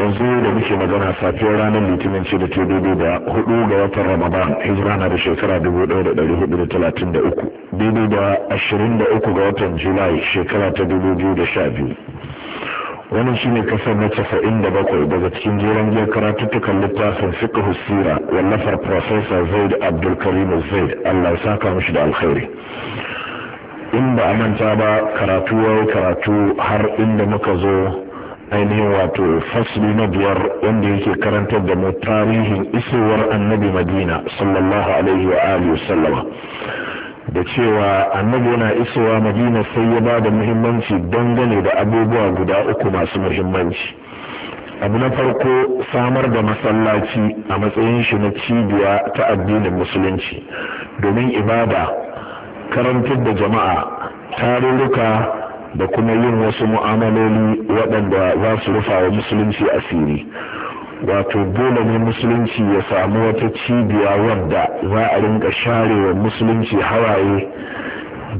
yanzu da muke magana safiyar ranar litinin ce da ta dobe da hudu ga watan ramadan hijira na da shekara dubu daya da dari hudu da talatin da uku daidai da ashirin da uku ga watan julai shekara ta dubu biyu da sha biyu wannan shine kasar na casa'in da bakwai daga cikin jeren giyar karatuttukan littafin suka husira wallafar profesa zaid abdulkarim zaid allah sa saka mishi da alkhairi in ba a manta ba karatu ya karatu har inda muka zo ainihin wato fasli na biyar wanda yake karantar da mu tarihin isowar annabi madina sallallahu alaihi wa alihi sallama da cewa annabi yana isowa madina sai ya ba da muhimmanci dangane da abubuwa guda uku masu muhimmanci abu na farko samar da masallaci a matsayin shi na cibiya ta addinin musulunci domin ibada karantar da jama'a tarurruka da kuma yin wasu mu'amaloli waɗanda za su rufa wa musulunci asiri wato dole ne musulunci ya samu wata cibiya wadda za a rinka share wa musulunci hawaye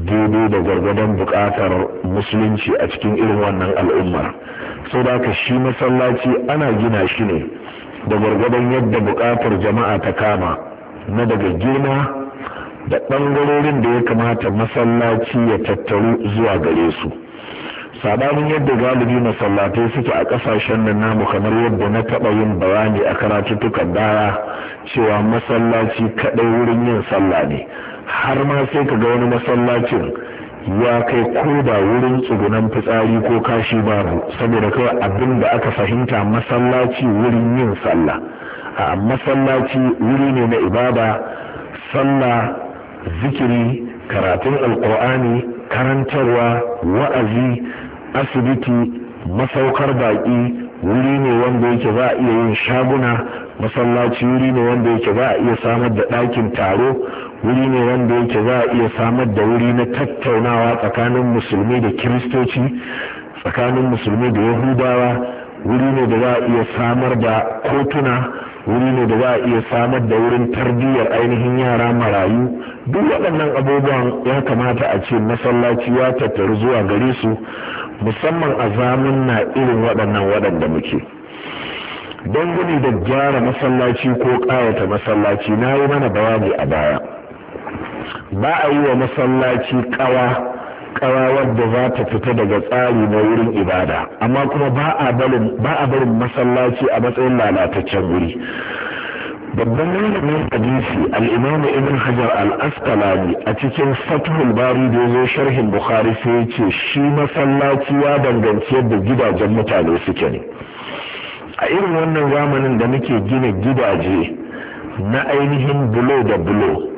daidai da gwargwadon bukatar musulunci a cikin irin wannan al'ummar sau da aka shi masallaci ana gina shi ne da gwargwadon yadda bukatar jama'a ta kama na daga girma da ɓangarorin da ya kamata masallaci ya tattaru zuwa gare su sabanin yadda galibi masallatai suke a ƙasashen nan namu kamar yadda na taɓa yin bayani a karatuttukan baya cewa masallaci kaɗai wurin yin sallah ne har ma sai ka ga wani masallacin ya kai ko da wurin tsugunan fitsari ko kashi babu saboda kawai abin da aka fahimta masallaci wurin yin sallah a masallaci wuri ne na ibada sallah zikiri karatun alkur'ani karantarwa wa'azi asibiti masaukar baƙi wuri ne wanda yake za a iya yin shaguna masallaci wuri ne wanda yake za a iya samar da ɗakin taro wuri ne wanda yake za a iya samar da wuri na tattaunawa tsakanin musulmi da kiristoci tsakanin musulmi da yahudawa wuri ne da za a iya samar da kotuna wuri ne da za a iya samar da wurin tarbiyyar ainihin yara marayu duk waɗannan abubuwan ya kamata a ce masallaci ya tattaru zuwa gare su musamman a zamun na irin waɗannan waɗanda muke dangane da gyara masallaci ko ƙayata masallaci na yi mana bayani a baya ba a yi wa masallaci ƙawa kawa wadda za ta fita daga tsari na wurin ibada amma kuma ba a barin masallaci a matsayin lalataccen wuri babban malamin hadisi al ibn hajar al-asqalani a cikin fathul bari da zo sharhin bukhari sai ya ce shi masallaci ya danganci yadda gidajen mutane suke ne a irin wannan zamanin da muke gina gidaje na ainihin bulo da bulo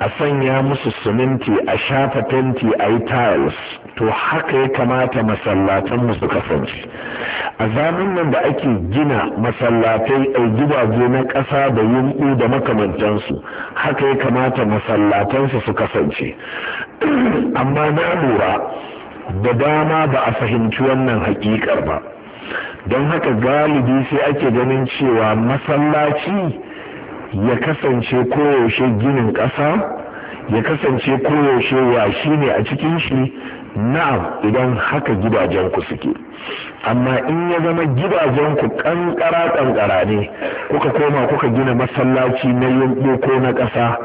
a sanya musu siminti a shafa fenti a yi tiles to haka ya kamata masallatan su kasance a zamin nan da ake gina masallatai a gidaje na ƙasa da yunɓu da makamantansu haka ya kamata masallatansu su kasance amma na lura da dama ba a fahimci wannan hakikar ba don haka galibi sai ake ganin cewa masallaci ya kasance koyaushe ginin ƙasa ya kasance koyaushe yashi ne a cikin shi na'am idan haka gidajenku suke amma in ya zama gidajenku kankara kankara ne kuka koma kuka gina masallaci na yumɓu ko na ƙasa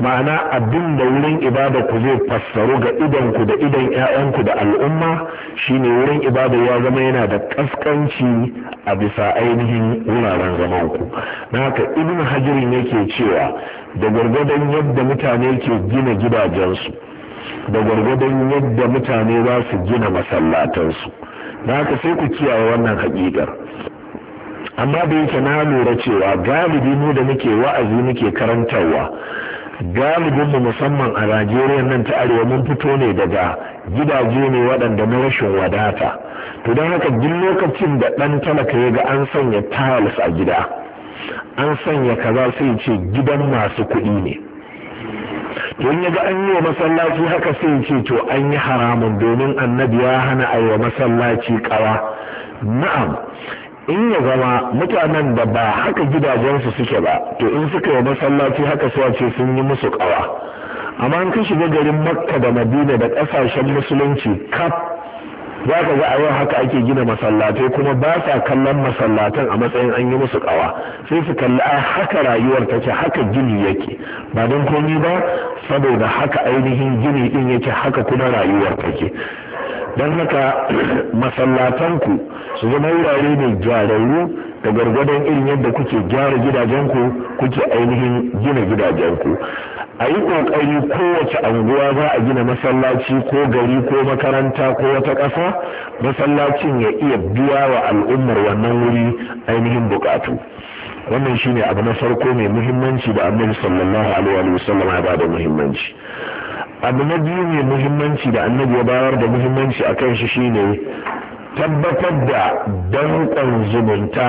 ma'ana abin da wurin ibada ku zai fassaru ga idanku da idan ya'yanku da al'umma shine wurin ibada ya zama yana da kaskanci a bisa ainihin wuraren zamanku na haka ibn hajirin yake cewa da gwargwadon yadda mutane ke gina gidajensu da gwargwadon yadda mutane za su gina masallatansu na haka sai ku kiyaye wannan haƙiƙar amma da yake na lura cewa galibi mu da muke wa'azi muke karantarwa galibinmu musamman a Najeriya nan ta arewa mun fito ne daga gidaje ne waɗanda na rashin wadata to don haka duk lokacin da ɗan talaka ya ga an sanya tiles a gida an sanya kaza sai ce gidan masu kuɗi ne to in ya ga an yi wa masallaci haka sai ya ce to an yi haramun domin annabi ya hana a yi wa masallaci ƙawa na'am in ya zama mutanen da ba haka gidajensu suke ba to in suka yi masallaci haka suwa ce sun yi musu kawa amma in ka shiga garin makka da madina da ƙasashen musulunci kaf za ka ga a yau haka ake gina masallatai kuma ba sa kallon masallatan a matsayin an yi musu kawa sai su kalli a haka rayuwar take haka gini yake ba don komi ba saboda haka ainihin gini din yake haka kuma rayuwar take don haka masallatanku su zama wurare ne gyararru da gwargwadon irin yadda kuke gyara gidajenku kuke ainihin gina gidajenku a yi ƙoƙari kowace anguwa za a gina masallaci ko gari ko makaranta ko wata ƙasa masallacin ya iya biya wa al'ummar wannan wuri ainihin buƙatu wannan shine abu na farko mai muhimmanci da annabi sallallahu alaihi wa sallam ya bada muhimmanci abu na biyu mai muhimmanci da annabi ya bayar da muhimmanci a kan shi shine tabbatar da danƙon zumunta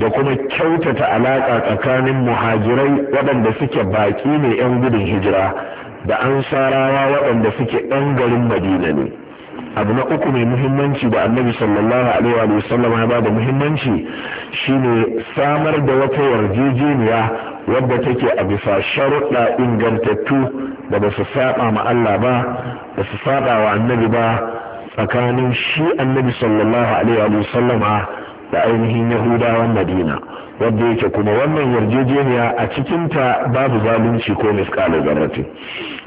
da kuma kyautata alaƙa tsakanin muhajirai waɗanda suke baƙi ne 'yan gudun hijira da ansarawa waɗanda suke 'yan garin madina ne abu na uku mai muhimmanci da annabi sallallahu alaihi wa sallam ya ba da muhimmanci shine samar da wata yarjejeniya wadda take a bisa sharuɗa ingantattu da ba su saba ma Allah ba da su saba wa annabi ba tsakanin shi annabi sallallahu alaihi wa sallama da ainihin yahudawa madina wadda yake kuma wannan yarjejeniya a cikinta babu zalunci ko miskalin zarratin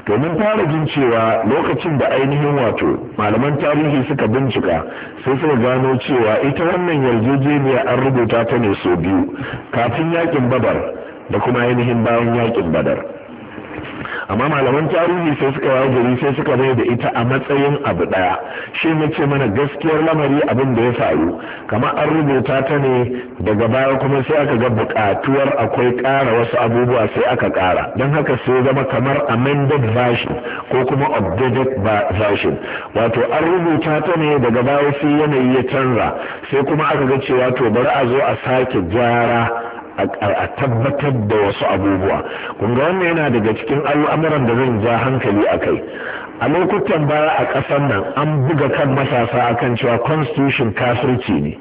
to fara jin cewa lokacin da ainihin wato malaman tarihi suka bincika sai suka gano cewa ita wannan yarjejeniya an rubuta ta ne sau biyu kafin yakin babar. da kuma ainihin bayan yakin badar amma malaman tarihi sai suka yawo gari sai suka mai da ita a matsayin abu daya shi ce mana gaskiyar lamari abin da ya faru kamar an rubuta ta ne daga baya kuma sai aka ga bukatuwar akwai ƙara wasu abubuwa sai aka ƙara don haka sai zama kamar amended version ko kuma updated version wato an rubuta ta ne daga baya sai yanayi ya canza sai kuma aka ga cewa to bari a zo a sake gyara a tabbatar da wasu abubuwa kunga wannan yana daga cikin al'amuran da zan ja hankali a kai a lokutan baya a ƙasar nan an buga kan matasa akan cewa constitution kafirci ne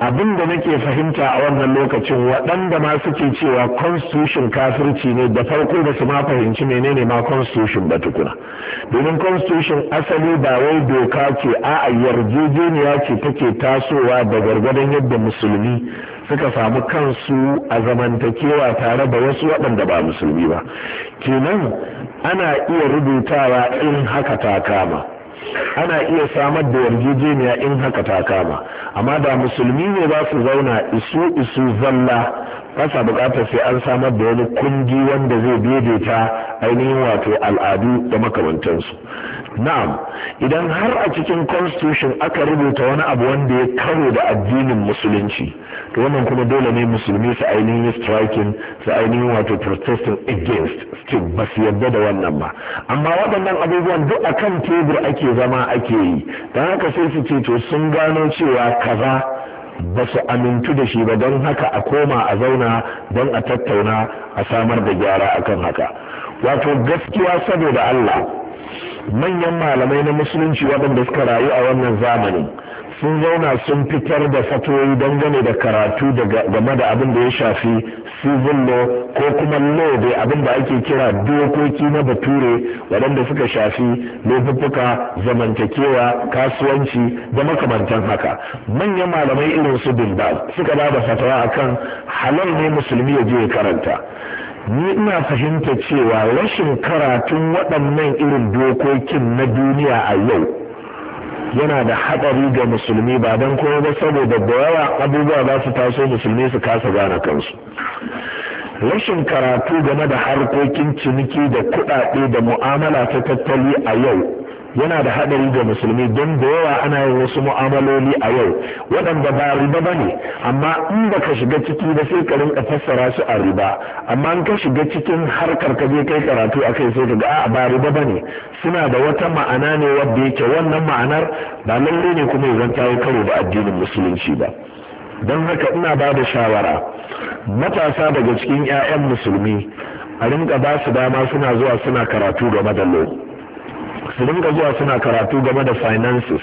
abin da nake fahimta a wannan lokacin waɗanda ma suke cewa constitution kafirci ne da farko da su ma fahimci menene ma constitution ba tukuna domin constitution asali ba wai doka ce a yarjejeniya ce take tasowa da gargadon yadda musulmi suka samu kansu a zamantakewa tare da wasu waɗanda ba musulmi ba kenan ana iya rubutawa in haka ta kama ana iya samar da yarjejeniya in haka ta kama amma da musulmi ne za su zauna isu isu zalla kasa bukatar sai an samar da wani kungi wanda zai daidaita ainihin wato al'adu da makamantansu na'am idan har a cikin constitution aka rubuta wani abu wanda ya karo da addinin musulunci to wannan kuma dole ne musulmi su ainihin striking su ainihin wato protesting against still ba su yarda da wannan ba amma waɗannan abubuwan duk a kan tebur ake zama ake yi don haka sai su ce to sun gano cewa kaza ba su amintu da shi ba don haka a koma a zauna don a tattauna a samar da gyara akan haka wato gaskiya saboda Allah manyan malamai na musulunci waɗanda suka rayu a wannan zamanin sun zauna sun fitar da fatoyi gane da karatu game da abin da ya shafi civil law ko kuma law da abin da ake kira dokoki na bature waɗanda suka shafi laifuffuka zamantakewa kasuwanci da makamantan haka manyan malamai irin su bilbal suka ba da fatawa akan halal ne musulmi ya je ya karanta ni ina fahimta cewa rashin karatun waɗannan irin dokokin na duniya a yau yana da haɗari ga musulmi ba don kuma ba saboda da yawa abubuwa za su taso musulmi su kasa gane kansu rashin karatu game da harkokin ciniki da kuɗaɗe da mu'amala ta tattali a yau yana da haɗari ga musulmi don da yawa ana yin wasu mu'amaloli a yau waɗanda ba riba ba ne amma in ba ka shiga ciki ba sai ka rinka fassara su a riba amma in ka shiga cikin harkar ka je kai karatu a kai sai ka ga a ba riba ba ne suna da wata ma'ana ne wadda yake wannan ma'anar ba lalle ne kuma ya zanta ya karo da addinin musulunci ba don haka ina ba da shawara matasa daga cikin 'ya'yan musulmi a rinka ba su dama suna zuwa suna karatu game da su ringa zuwa suna karatu game da finances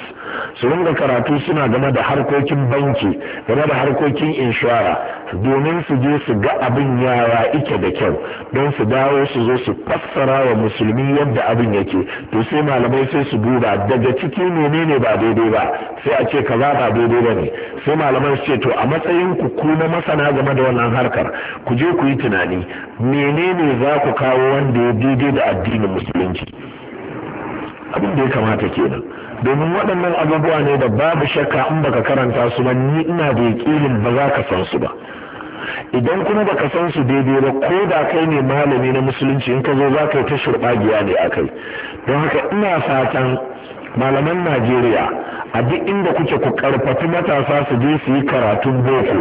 su ringa karatu suna game da harkokin banki game da harkokin inshora domin su je su ga abin yara ike da kyau don su dawo su zo su fassara wa musulmi yadda abin yake to sai malamai sai su duba daga ciki menene ba daidai ba sai a ce kaza ba daidai ba ne sai malamai su ce to a matsayin ku ku na masana game da wannan harkar ku je ku yi tunani menene za ku kawo wanda ya daidai da addinin musulunci abin da ya kamata kenan domin waɗannan abubuwa ne da babu shakka in baka karanta su ba ni ina da yaƙinin ba za ka san su ba idan kuma baka san su daidai ba ko da kai ne malami na musulunci in ka zo za ka yi ta shurɓagiya ne a kai don haka ina fatan malaman najeriya a duk inda kuke ku karfafi matasa su je su yi karatun boko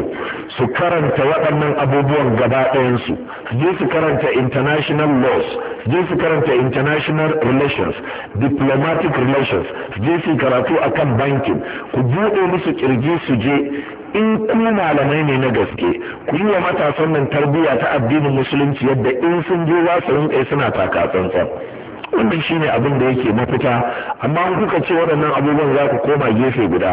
su karanta waɗannan abubuwan gaba ɗayansu su je su karanta international laws su je su karanta international relations diplomatic relations su je su karatu a kan bankin ku buɗe musu kirji su je in ku malamai ne na gaske ku yi wa matasan nan tarbiyya ta addinin musulunci yadda in sun je za su suna taka tsantsan wannan ne abin da yake mafita amma an kuka ce waɗannan abubuwan za ku koma gefe guda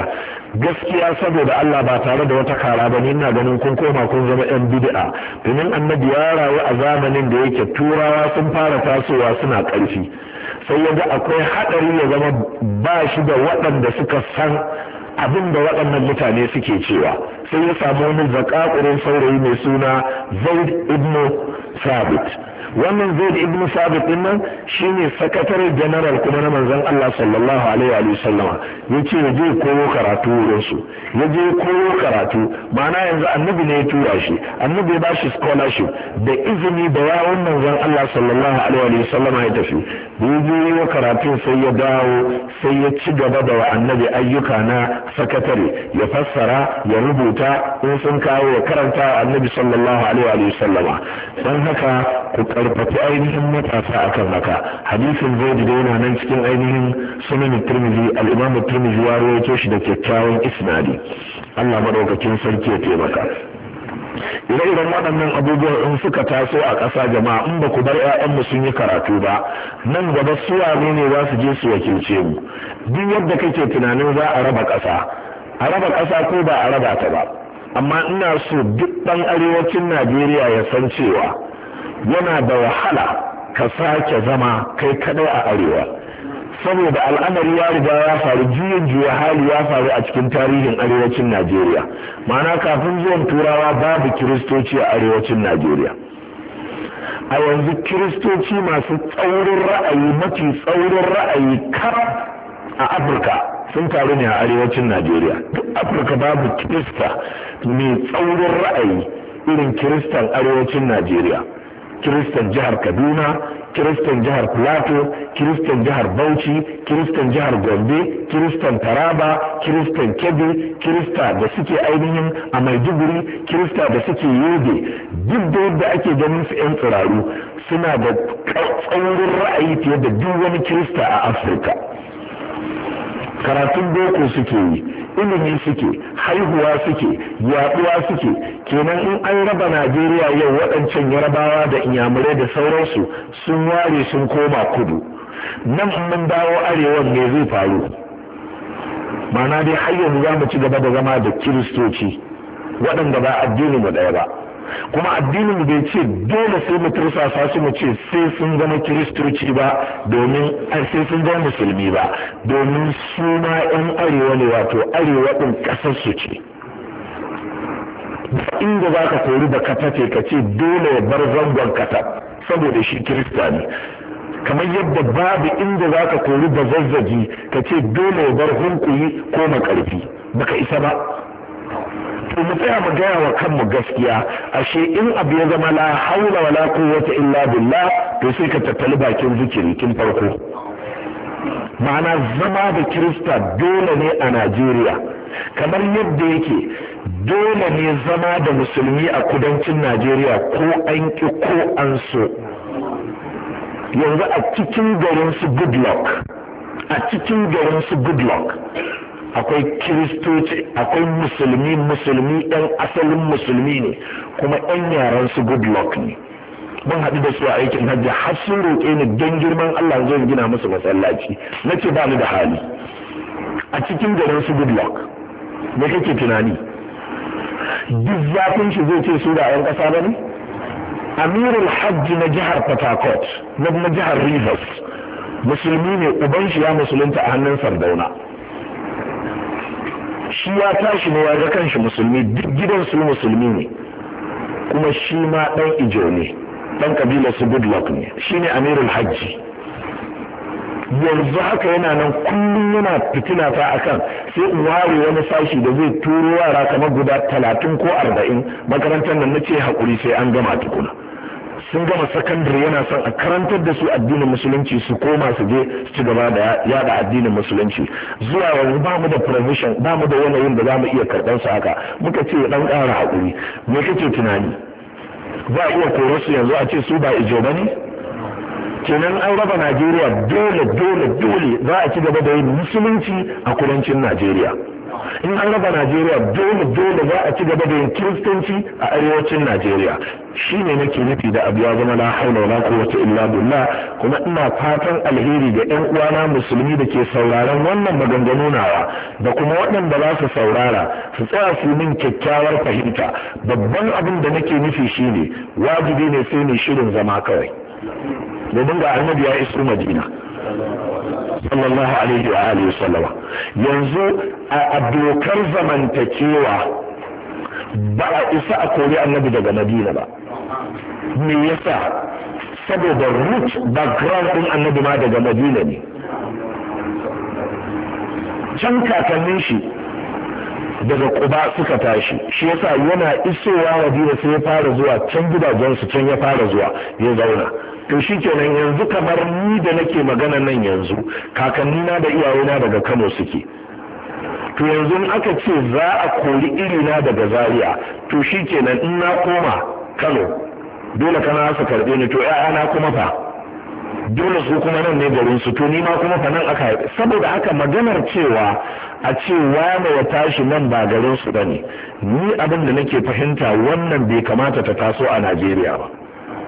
gaskiya saboda Allah ba tare da wata kara ba ne ina ganin kun koma kun zama yan bid'a domin annabi ya rayu a zamanin da yake turawa sun fara tasowa suna ƙarfi sai yaga akwai haɗari ya zama ba shi da waɗanda suka san abin da waɗannan mutane suke cewa sai ya samu wani zakakurin saurayi mai suna zaid ibnu sabit wannan zaid ibn sabit din nan shine sakatare general kuma na manzon Allah sallallahu alaihi wa sallama yace ya je koyo karatu wurin su ya je koyo karatu ma'ana yanzu annabi ne ya tura shi annabi ya bashi scholarship da izini da yawon manzon Allah sallallahu alaihi wa sallama ya tafi da ya je yi karatu sai ya dawo sai ya ci gaba da wa annabi ayyuka na sakatare ya fassara ya rubuta in sun kawo ya karanta annabi sallallahu alaihi wa sallama don haka ku karfafi ainihin matasa a kan haka hadisin zaidi da yana nan cikin ainihin sunan turmizi al turmizi ya rawaito shi da kyakkyawan isnadi Allah maɗaukakin sarki ya taimaka ire-iren waɗannan abubuwan in suka taso a ƙasa jama'a in ba ku bar mu sun yi karatu ba nan gaba su wane ne za su je su wakilce mu duk yadda kake tunanin za a raba ƙasa a raba ƙasa ko ba a raba ta ba amma ina so duk ɗan arewacin najeriya ya san cewa yana da wahala ka sake zama kai kadai a arewa saboda al'amari ya riga ya faru juyin juya hali ya faru a cikin tarihin arewacin najeriya ma'ana kafin zuwan turawa babu kiristoci a arewacin najeriya a yanzu kiristoci masu tsaurin ra'ayi mafi tsaurin ra'ayi kar a afirka sun taru ne a arewacin najeriya duk afirka babu kirista mai tsaurin ra'ayi irin kiristan arewacin najeriya kiristan jihar kaduna kiristan jihar plateau kiristan jihar bauchi kiristan jihar gombe kiristan taraba kiristan kebbi kirista da suke ainihin a maiduguri kirista da suke yobe duk da yadda ake ganin su 'yan tsiraru suna da tsaurin ra'ayi fiye da duk wani kirista a afirka karatun boko suke yi ilimi suke haihuwa suke yaduwa suke kenan in an raba najeriya yau waɗancan yarabawa da inyamurai da sauransu sun ware sun koma kudu nan mun dawo arewan ne zai faru mana dai har yanzu za mu ci gaba da zama da kiristoci waɗanda ba addini mu ɗaya ba kuma addinin bai ce dole sai mu tursasa su mu ce sai sun zama kiristoci ba domin sai sun zama musulmi ba domin su ma yan arewa ne wato arewa din kasar su ce inda za ka kori da ce ka ce dole ya bar zangon kata saboda shi kirista ne kamar yadda babu inda za ka kori da zazzagi ka ce dole ya bar hunkuyi ko makarfi baka isa ba to mu tsaya mu gaya wa kanmu gaskiya ashe in abu ya zama la haula wala quwwata illa billah to sai ka tattali bakin zikiri tun farko ma'ana zama da kirista dole ne a najeriya kamar yadda yake dole ne zama da musulmi a kudancin najeriya ko an ki ko an so yanzu a cikin garin su goodluck a cikin garin su goodluck akwai kiristoci akwai musulmi musulmi ɗan asalin musulmi ne kuma ɗan yaran su luck ne mun haɗu da su a aikin hajji har sun roƙe ni don girman Allah zai gina musu masallaci na ce ba da hali a cikin garin su luck me kake tunani duk zafin shi zai ce su da 'yan ƙasa ba ne amirul hajji na jihar port na jihar rivers musulmi ne uban shi ya musulunta a hannun sardauna shi ya tashi ne ya ga kanshi musulmi duk gidan su musulmi ne kuma shi ma dan ijo ne dan kabilar su luck ne shine amirul hajji yanzu haka yana nan kullum yana fitina ta akan sai in ware wani sashi da zai turo yara kamar guda talatin ko arba'in makarantar nan na ce haƙuri sai an gama tukuna sun gama sakandare yana son a karantar da su addinin musulunci su koma su je su ci gaba da yada addinin musulunci zuwa yanzu ba mu da provision ba mu da yanayin da za mu iya karɓar su haka muka ce dan ƙara haƙuri me kake tunani za a iya koro su yanzu a ce su ba ijo ba ne kenan an raba najeriya dole dole dole za a ci gaba da yin musulunci a kudancin najeriya in an raba najeriya dole dole za a ci gaba da yin kiristanci a arewacin najeriya shi ne nake nufi da abu ya zama la haula wala quwwata illa billah kuma ina fatan alheri ga yan uwana musulmi da ke sauraron wannan maganganu nawa da kuma waɗanda za su saurara su tsaya su min kyakkyawar fahimta babban abin da nake nufi shine wajibi ne sai ne shirin zama kawai domin ga annabi ya iso madina sallallahu alaihi wa alihi sallama yanzu a dokar zamantakewa ba a isa a kori annabi daga madina ba me yasa saboda root background din annabi ma daga madina ne can kakannin shi daga kuba suka tashi shi yasa yana isowa madina sai ya fara zuwa can gidajensu can ya fara zuwa ya zauna to shikenan yanzu kamar ni da nake magana nan yanzu kakannina da iyayena daga Kano suke to yanzu aka ce za a kori irina daga Zaria to shikenan in na koma Kano dole kana su karbe ni to ƴaƴana kuma fa dole su kuma nan ne garin su to ni ma kuma fa nan aka saboda haka maganar cewa a ce wane ya tashi nan ba garin su bane ni abin da nake fahimta wannan bai kamata ta taso a Najeriya ba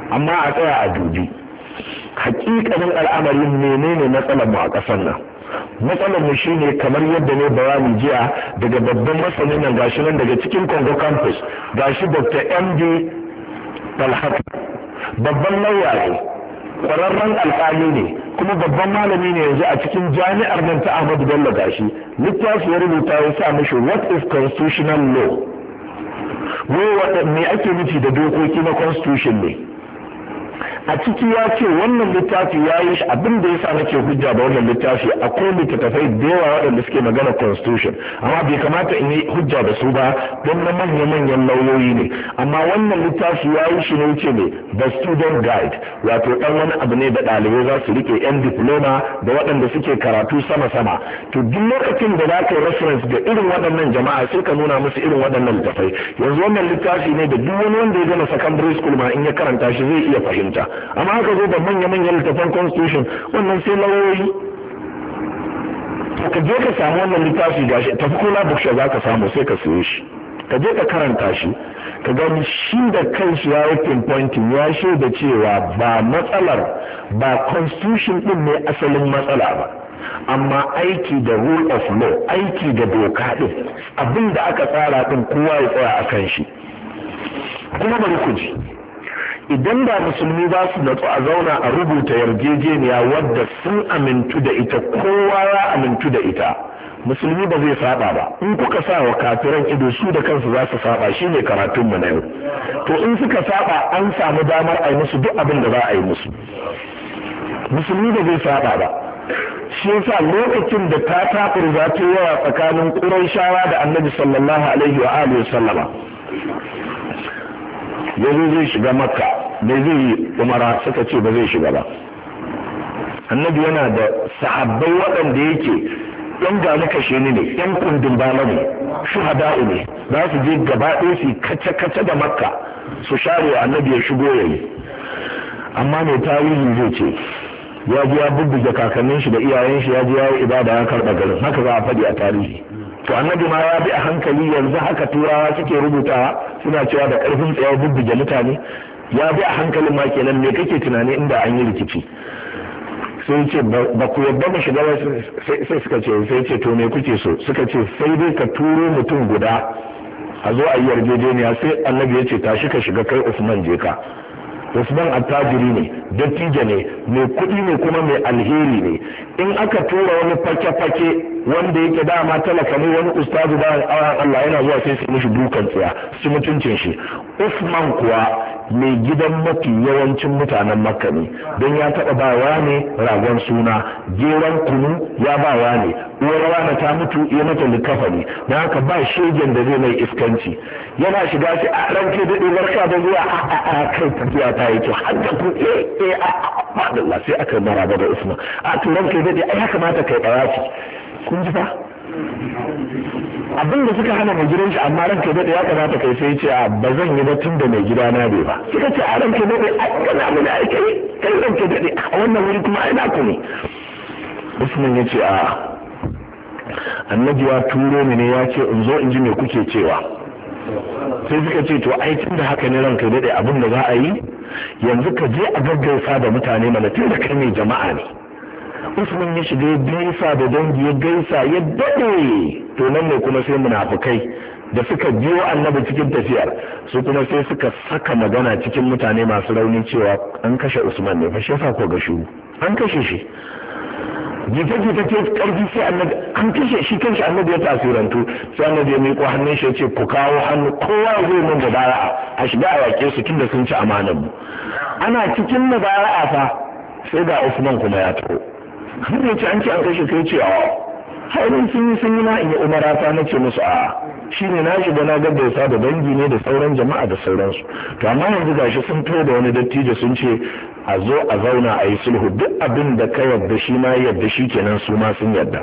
amma a tsaya a dubi hakikanin al'amarin menene matsalar mu a ƙasar nan matsalar mu shine kamar yadda ne bayani jiya daga babban masanin nan gashi nan daga cikin Congo campus gashi Dr. MD Talhat babban lauya ne kwararren alƙali ne kuma babban malami ne yanzu a cikin jami'ar nan ta Ahmadu Bello gashi littafi ya rubuta ya sa mashi, what is constitutional law wai me ake nufi da dokoki na constitution ne a ciki ya ce wannan littafi ya yi abin da ya sa nake hujja da wannan littafi akwai littattafai da yawa waɗanda suke magana constitution amma bai kamata in yi hujja da su ba don na manya-manyan lauyoyi ne amma wannan littafi ya yi shi ne ce ne the student guide wato ɗan wani abu ne da ɗalibai za su rike yan diploma da waɗanda suke karatu sama-sama to duk lokacin da za ka yi reference ga irin waɗannan jama'a sai ka nuna musu irin waɗannan littattafai yanzu wannan littafi ne da duk wani wanda ya gama secondary school ma in ya karanta shi zai iya fahimta amma aka zo da manya-manyan littafan constitution wannan sai lauyoyi ka je ka samu wannan littafi gashi tafi kula bukshe za ka samu sai ka siyo shi ka je ka karanta shi ka gani shi da shi ya yi pinpointing ya shaida cewa ba matsalar ba constitution din ne asalin matsala ba amma aiki da rule of law aiki da doka din abin aka tsara din kowa ya tsaya a kan shi kuma bari ku ji idan ba musulmi ba su natsu a zauna a rubuta yarjejeniya wadda sun amintu da ita kowa ya amintu da ita musulmi ba zai saba ba in kuka sa wa kafiran ido su da kansu za su saba shi ne karatunmu na yau to in suka saba an samu damar a yi musu duk abin da za a yi musu musulmi ba zai saba ba shi yasa lokacin da ta tafi za ta yawa tsakanin ƙuran shawa da annabi sallallahu alaihi wa alihi sallama ya zo zai shiga makka da zai yi umara suka ce ba zai shiga ba annabi yana da sahabbai waɗanda yake yan gani kashe ni ne yan kundin bala ne shuhada'u ne za su je gaba ɗaya su kace-kace da makka su share annabi ya shigo ya yi amma mai tarihi zai ce ya ji ya bubbuge kakannin shi da iyayen shi ya ji ya ibada ya karɓa garin haka za a faɗi a tarihi to annabi ma ya bi a hankali yanzu haka turawa suke rubuta. suna cewa da karfin tsaye bubbuge mutane ya bi a hankalin ma kenan me kake tunani inda an yi rikici sai ce ba ku yadda ba shiga sai suka ce sai ce to me kuke so suka ce sai dai ka turo mutum guda a zo a yi yarjejeniya sai annabi ya ce tashi ka shiga kai Usman je ka usman attajiri ne dattijo ne mai kuɗi ne kuma mai alheri ne in aka tura wani fake-fake wanda yake dama talaka ne wani ustazu bayan Allah yana zuwa sai su mushi dukan tsaya su mutuncin shi usman kuwa mai gidan mafi yawancin mutanen makka ne don ya taɓa bawa ne ragon suna geron kunu ya bawa ne uwar rana ta mutu ya mata likafa ne na haka ba shegen da zai mai iskanci yana shiga shi a ranke daɗe barka da zuwa a a kai tafiya ta yi kyau har da ku eh, eh, a sai aka mara da usman a to ranke daɗe ai ya kamata kai kun ji abin da suka hana mai gidan shi amma ranka daɗe ya kamata kai sai ce a ba zan yi ba tun da mai gida na bai ba suka ce a ranka daɗe a kana mana aiki kai ranka daɗe a wannan wuri kuma ai naku ne usman ya ce a annabi ya turo ni ne ya ce in zo in ji me kuke cewa sai suka ce to ai tun da haka ne ranka daɗe abin da za a yi yanzu ka je a gaggaisa da mutane mana tun da kai mai jama'a ne usman ya shiga ya gaisa da dangi ya gaisa ya dade to nan ne kuma sai munafukai da suka biyo annabi cikin tafiyar su kuma sai suka saka magana cikin mutane masu raunin cewa an kashe usman ne fa shi yasa ko ga shi an kashe shi jita-jita ce karfi sai annabi an kashe shi kanshi annabi ya tasirantu sai annabi ya miƙo hannun shi ya ce ku kawo hannu kowa zai mun da bara'a a shiga a yaƙe su tunda sun ci amanan mu ana cikin mubara'a fa sai ga usman kuma ya taho har ya ce an ce an kashe kai ce a hairin sun yi sun yi na in umara ta na ce musu a shi ne na shiga na ya da dangi ne da sauran jama'a da sauransu to amma yanzu gashi sun fito da wani dattijo sun ce a zo a zauna a yi sulhu duk abin da ka yadda shi ma yadda shi kenan su ma sun yadda.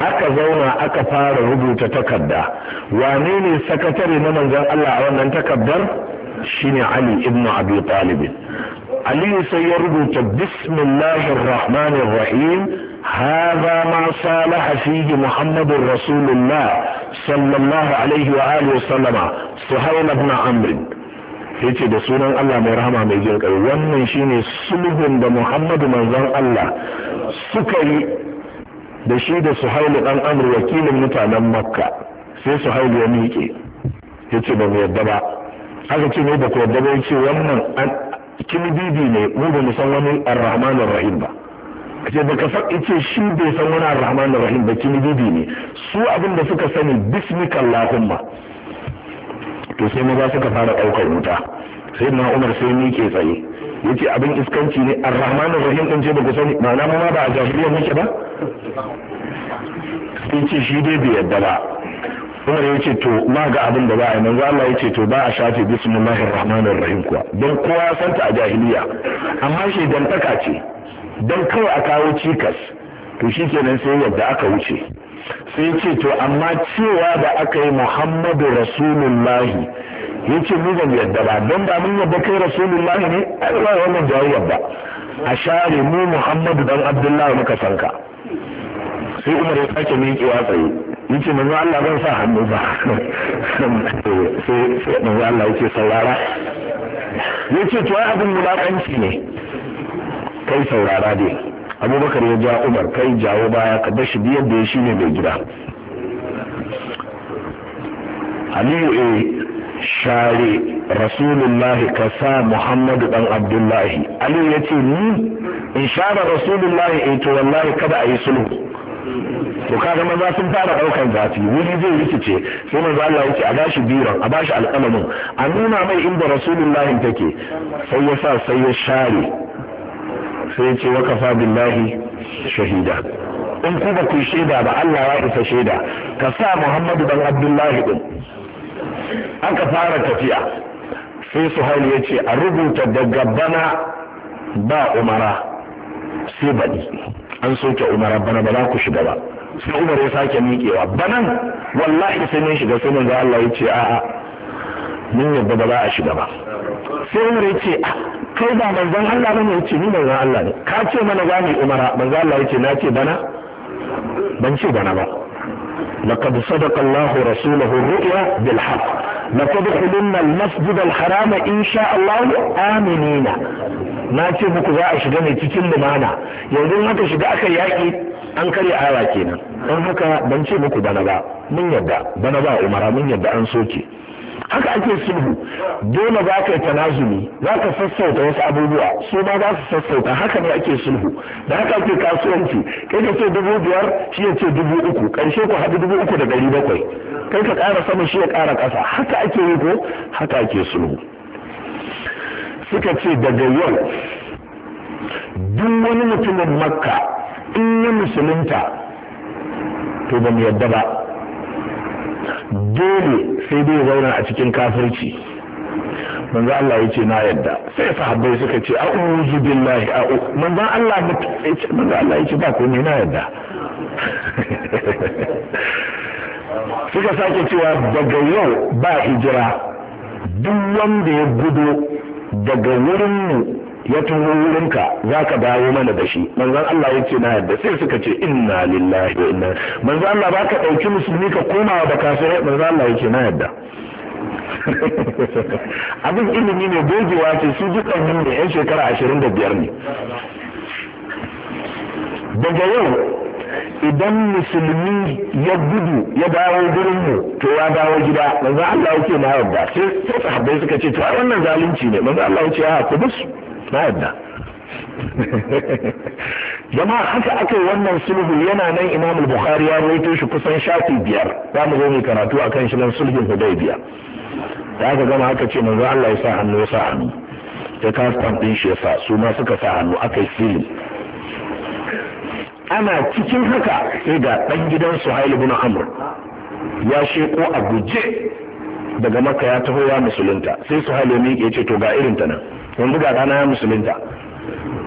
aka zauna aka fara rubuta takarda wane ne sakatare na manzon Allah a wannan takardar shine Ali ibn Abi Talib aliyu sai ya rubuta bismillahir rahmanir rahim hadha ma salaha fihi muhammadur rasulullah sallallahu alaihi wa alihi wa sallama suhail ibn amr yace da sunan Allah mai rahama mai jin kai wannan shine sulhun da muhammadu manzon Allah suka yi da shi da suhail dan amr wakilin mutanen makka sai suhail ya miƙe yace ba mu yadda ba aka ce ne ba ku yadda ba yace wannan bibi ne mu ba mu san wani ar-rahman ar-rahim ba ce baka san yace shi bai san wani ar-rahman ar-rahim ba bibi ne su abin da suka sani bismika allahumma to sai maza suka fara daukar wuta sai na umar sai ni ke tsaye yace abin iskanci ne ar-rahman ar-rahim din ce ku sani ma'ana ma ba a jahiliya muke ba sai ce shi dai bai yadda ba umar ya ce to ma ga abin da ba a yi manzo Allah ya ce to ba a shafe bismillahir rahmanir rahim kuwa don kowa ya santa a jahiliya amma shi taka ce dan kawai a kawo cikas to shi kenan sai yadda aka wuce sai ce to amma cewa da aka yi muhammadu rasulullahi ya ce mu yadda ba don ba mun yadda kai rasulullahi ne a ba wannan jawayyar ba a share mu muhammadu dan abdullahi muka ka sai umar ya sake miƙewa tsaye yace manzo Allah ban sa hannu ba sai sai manzo Allah yake saurara yace to ai abin mulakanci ne kai saurara dai abubakar ya ja umar kai jawo baya ka bar shi biyar da ya shine ne mai gida aliyu e share rasulullahi ka sa muhammadu dan abdullahi aliyu ya ce ni in share rasulullahi e to wallahi kada a yi sulhu to kaga maza sun fara daukar zafi wuri zai rikice sai manzo Allah yake a gashi biron a bashi alƙalamin a nuna mai inda rasulullahi take sai ya sa sai ya share sai ya ce wa kafa billahi shahida in ku ba ku shaida ba Allah ya isa shaida ka sa Muhammadu dan Abdullahi din aka fara tafiya sai Suhail ya ce a rubuta daga bana ba umara sai baɗi an soke umar bana ba za ku shiga ba sai umar ya sake miƙewa banan wallahi sai mun shiga sai manzo Allah ya ce a'a mun yadda ba za a shiga ba sai umar ya ce a ah, kai ba manzon Allah bane ya ce ni manzon Allah ne ka ce mana za mu umara manzo Allah ya ce na ce bana ban ce bana ba لقد صدق الله رسوله الرؤيا بالحق لتدخلن المسجد الحرام ان شاء الله امنين na ce muku za a shiga ne cikin lumana yanzu haka shiga aka yaƙi an karya awa kenan don haka ban ce muku bana ba mun yadda bana ba umara mun yadda an soke haka ake sulhu dole za ka yi tanazumi za ka sassauta wasu abubuwa su ma za su sassauta haka ne ake sulhu da haka ake kasuwanci kai ka ce dubu biyar shi ya ce dubu uku ƙarshe ku haɗu dubu uku da ɗari bakwai kai ka ƙara sama shi ya ƙara ƙasa haka ake yi ko haka ake sulhu suka ce daga yau duk wani mutumin makka in yi musulunta to ba mu yadda ba dole sai dai zauna a cikin kafirci manzo Allah yace na yadda sai sahabbai suka ce a'udhu billahi a'u manzo Allah manzo Allah yace ba komai na yadda suka sake cewa daga yau ba hijira duk wanda ya gudu daga wurin mu ya taho wurinka za ka dawo mana da shi manzan Allah ya ce na yadda sai suka ce inna lillahi wa inna manzan Allah ba ka ɗauki musulmi ka koma da kafirai manzan Allah ya ce na yadda abin ilimi ne gogewa ce su yin ne yan shekara ashirin da biyar ne daga yau idan musulmi ya gudu ya dawo gurin mu to ya dawo gida manzo Allah yake na yarda sai sahabbai suka ce to wannan zalunci ne manzo Allah yake a ku bisu na yadda haka aka yi wannan sulhun yana nan imamul bukhari ya rawaito shi kusan shafi biyar za mu zo mu karatu akan shi nan sulhun hudaybiya da aka gama aka ce manzo Allah ya sa hannu ya sa hannu ya kastan din shi ya sa su ma suka sa hannu aka yi filin ana cikin haka sai ga ɗan gidan suhail ibn amr ya sheko a guje daga maka ya taho ya musulunta sai suhail ya miƙe ce to ga irin ta nan yanzu ga rana ya musulunta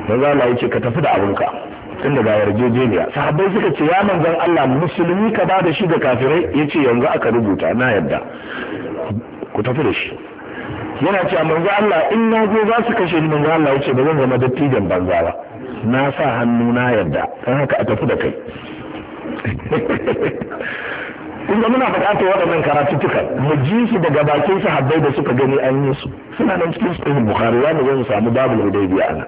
za Allah yake ka tafi da abinka tun daga yarjejeniya sahabbai suka ce ya manzan Allah musulmi ka ba da shi da kafirai ya ce yanzu aka rubuta na yadda ku tafi da shi yana cewa manzan Allah in na zo za su kashe ni manzo Allah ce ba zan zama dattijan banza ba na sa hannu na yadda kan haka a tafi da kai In ga muna buƙatar waɗannan karatuttukan mu ji su daga bakin sahabbai da suka gani an yi su suna nan cikin sahih bukhari ya mu zan samu babul hudaybiya ana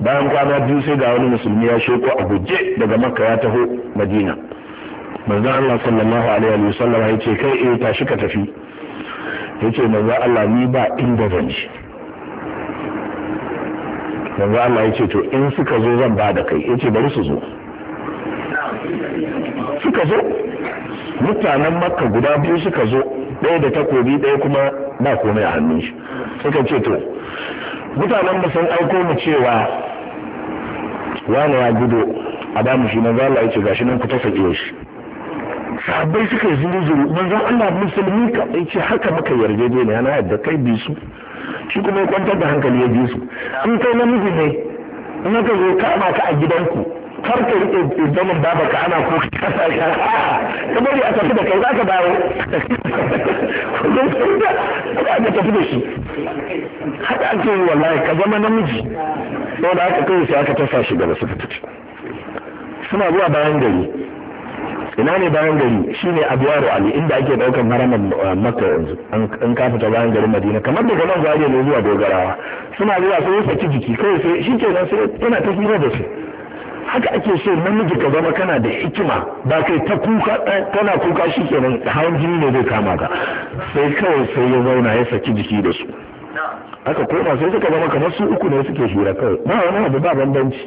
bayan kwana biyu sai ga wani musulmi ya shekwa a guje daga makka ya taho madina manzon Allah sallallahu alaihi wa sallam ya ce kai eh tashi ka tafi yace Maza Allah ni ba inda zan ji Maza Allah ya ce to in suka zo zan ba da kai yace bari su zo suka zo mutanen makka guda biyu suka zo ɗaya da takobi ɗaya kuma ba komai a hannun shi suka ce to mutanen mu sun aiko mu cewa wani ya gudo a damu shi manzo Allah ya ce gashi nan ku tafa shi sabai suka zuru zuru manzo Allah musulmi ka ce haka muka yarjejeniya na yadda kai bi su shi kuma ya kwantar da hankali ya bi su in kai namiji ne in aka zo ka ka a gidanku kar ka rike zaman babaka ana kuka. ka ka bari a tafi da kai za ka dawo haka aka tafi da shi haka ake yi wallahi ka zama namiji sau da aka kai aka tasa shi gaba suka tafi suna zuwa bayan gari ina ne bayan gari shine abuwaru ali inda ake daukan haramar uh, maka yanzu an kafita bayan garin madina kamar daga nan zariya ne zuwa dogarawa suna zuwa sai saki jiki kawai sai shi kenan sai yana ta da su haka ake so namiji ka zama kana da hikima ba kai ta kuka kana kuka shi kenan hawan jini ne zai kama ka sai kawai sai ya zauna ya saki jiki da su aka koma sai suka zama kamar su uku ne suke hira kawai ba wani abu ba bambanci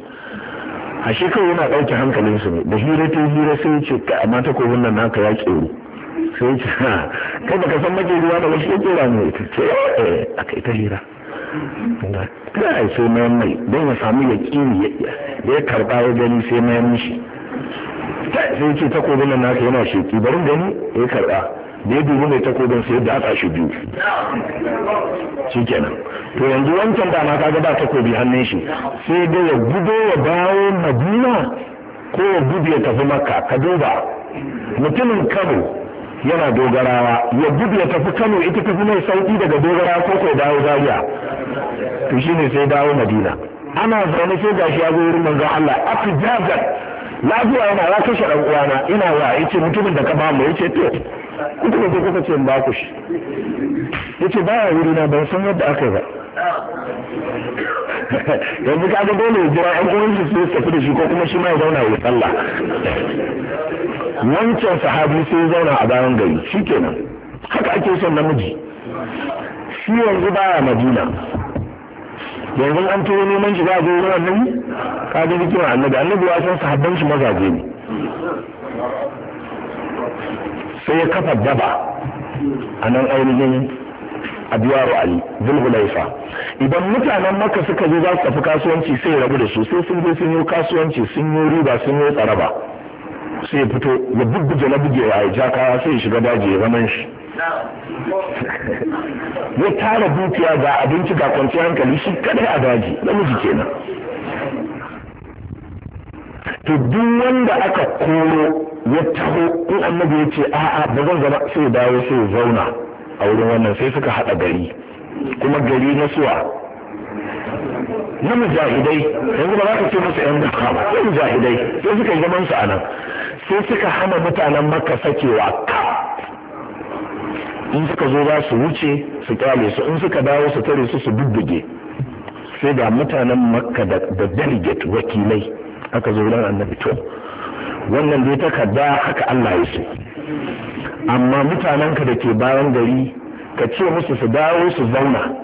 shi kawai yana ɗauke hankalinsu ne da hira ta hira sai ce ka amma ta ko wannan naka ya kero sai ce kai baka san maƙeri ba da wasu ya kera ne ita ce eh, eh, kai ta hira kai sai mayan mai don ya samu ya kiri da ya karba ya gani sai mayan mishi sai ce takobin nan naka yana sheki bari gani ya karba da ya dubi mai takobin sai da aka shi biyu shi kenan to yanzu wancan dama kaga ba takobi hannun shi sai dai ya gudo ya dawo madina ko ya gudu ya tafi makka ka duba mutumin kano yana dogarawa ya gudu ya tafi kano ita tafi mai sauki daga dogara ko kai dawo zaria to shine sai dawo madina ana zaune sai gashi ya zo wurin manzon Allah afijazat lafiya yana ya kashe ɗan uwana ina wa yace mutumin da ka ba mu yace to mutumin zo kuka ce ba ku shi yace ba ya wuri na ban san yadda aka yi ba yanzu ka ga dole jira an gurin su su tafi da shi ko kuma shi ma ya zauna ya sallah wancan sahabi sai ya zauna a bayan gari shikenan haka ake son namiji shi yanzu ya madina yanzu an turo neman shi za a zo wurin annabi ka ga hikimar annabi annabi ya san sahabban shi mazaje ne sai ya kafa daba a nan ainihin abuwaru ali zulhulaifa idan mutanen maka suka zo za su tafi kasuwanci sai rabu da su sai sun je sun yi kasuwanci sun yi riba sun yi tsaraba sai ya fito ya bugu na buge ya ja kaya sai ya shiga daji ya zaman shi ya tara dukiya ga abinci ga kwanciyar hankali shi kadai a daji namiji kenan to duk wanda aka koro ya taho in annabi ya ce a'a ba zan zama sai dawo sai zauna a wurin wannan sai suka haɗa gari kuma gari na suwa na mujahidai yanzu ba za ka ce musu yan duka ba na mujahidai sai suka yi zaman su a nan sai suka hana mutanen makka sakewa ka in suka zo za su wuce su kyale su in suka dawo su tare su su bubbuge sai ga mutanen makka da delegate wakilai aka zo ran annabi to wannan dai takarda haka Allah ya so amma mutanenka da ke bayan gari ka ce musu su dawo su zauna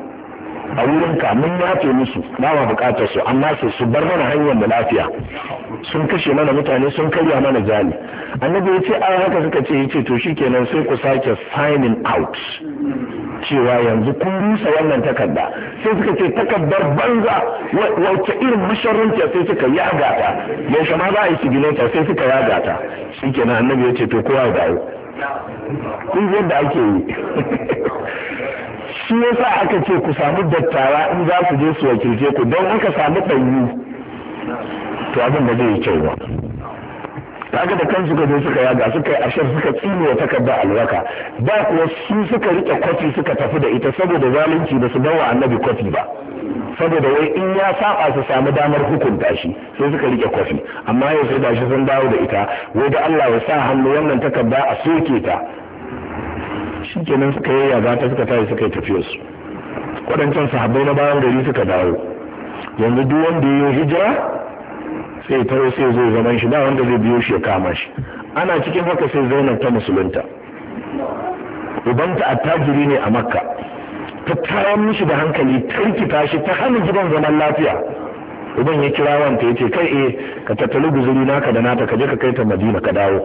a wurin ka mun yafe musu ba ma bukatar su amma su su bar mana hanyar da lafiya sun kashe mana mutane sun karya mana jali annabi ya ce a haka suka ce yace to shikenan sai ku sake signing out cewa yanzu kun rusa wannan takarda sai suka ce takardar banza wacce irin masharunta sai suka yaga ta yaushe ma za a yi sigineta sai suka yaga ta shikenan annabi ya ce to kowa ya dawo kun yadda ake yi shi yasa aka ce ku samu dattawa in za su je su wakilce ku don aka samu ɗanyu to abin da zai yi kyau ba kaga da kansu ka je suka yaga suka yi ashar suka tsine wa takarda alwaka ba kuwa su suka rike kwafi suka tafi da ita saboda zalunci ba su bawa annabi kwafi ba saboda wai in ya saba su samu damar hukunta shi sai suka rike kwafi amma yau sai shi sun dawo da ita wai da Allah ya sa hannu wannan takarda a soke ta shi kenan suka yi yaga ta suka tashi suka yi tafiyarsu waɗancan sahabbai na bayan gari suka dawo yanzu duk wanda ya yi hijira sai taro sai zo zaman shi ba wanda zai biyo shi ya kama shi ana cikin haka sai zainab ta musulunta ta attajiri ne a makka ta tayar mishi da hankali tarkita shi ta hana gidan zaman lafiya uban ya kira wanta ya ce kai eh ka tattali guzuri naka da nata ka je ka kai ta madina ka dawo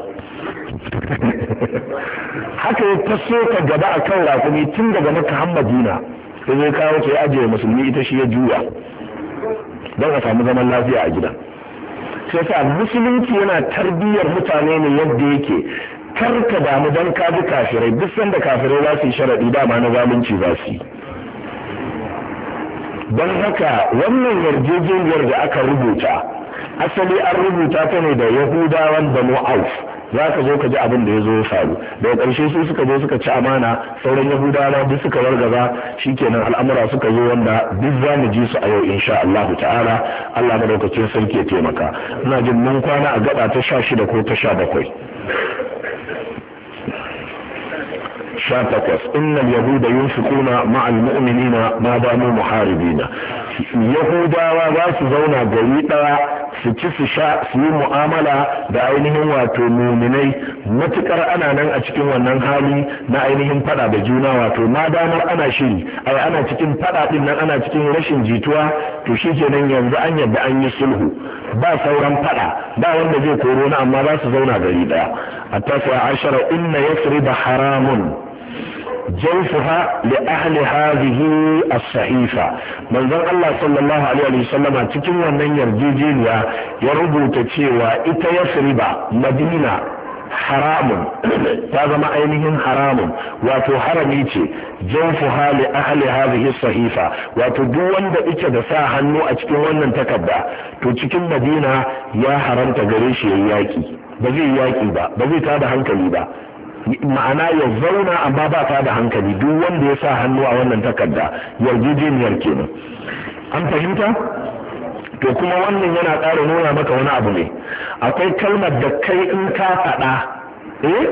haka ya taso ka gaba a kan rakumi tun daga maka har madina sai zai kawo ta ya ajiye musulmi ita shi ya juya don a samu zaman lafiya a gida sai sa musulunci yana tarbiyyar mutane ne yadda yake kar ka damu don ka bi kafirai duk sanda kafirai za su yi sharaɗi dama na zalunci za su yi don haka wannan yarjejeniyar da aka rubuta asali an rubuta ta ne da yahudawan da mu'auf za ka zo ka ji abin da ya zo ya faru daga ƙarshe su suka zo suka ci amana sauran yahudawa duk suka wargaza shikenan al'amura suka zo wanda duk za mu ji su a yau insha Allah ta'ala Allah madaukakin sarki ya taimaka ina jin mun kwana a gaba ta sha shida ko ta sha bakwai sha takwas innal yahuda yunfiquna ma'al mu'minina ma damu muharibina yahudawa za su zauna gari ɗaya su ci su sha su yi mu'amala da ainihin wato muminai matukar ana nan a cikin wannan hali na ainihin fada da juna wato ma damar ana shiri ai ana cikin fada din nan ana cikin rashin jituwa to shi kenan yanzu an yadda an yi sulhu ba sauran fada ba wanda zai korona amma za su zauna gari ɗaya a tasa ashara inna da haramun jawfuha li ahli hadhihi as-sahifa manzon Allah sallallahu alaihi wa sallama cikin wannan yarjejeniya ya rubuta cewa ita yasriba madina haramun ta zama ainihin haramun wato harami ce jawfuha li ahli hadhihi sahifa wato duk wanda ita da sa hannu a cikin wannan takarda to cikin madina ya haramta gare shi yayi yaƙi ba zai yaki ba ba zai tada hankali ba ma'ana ya zauna amma ba ta da hankali duk wanda ya sa hannu a wannan takarda yarjejeniyar kenan an fahimta to kuma wannan yana ƙara nuna maka wani abu ne akwai kalmar da kai in ka faɗa eh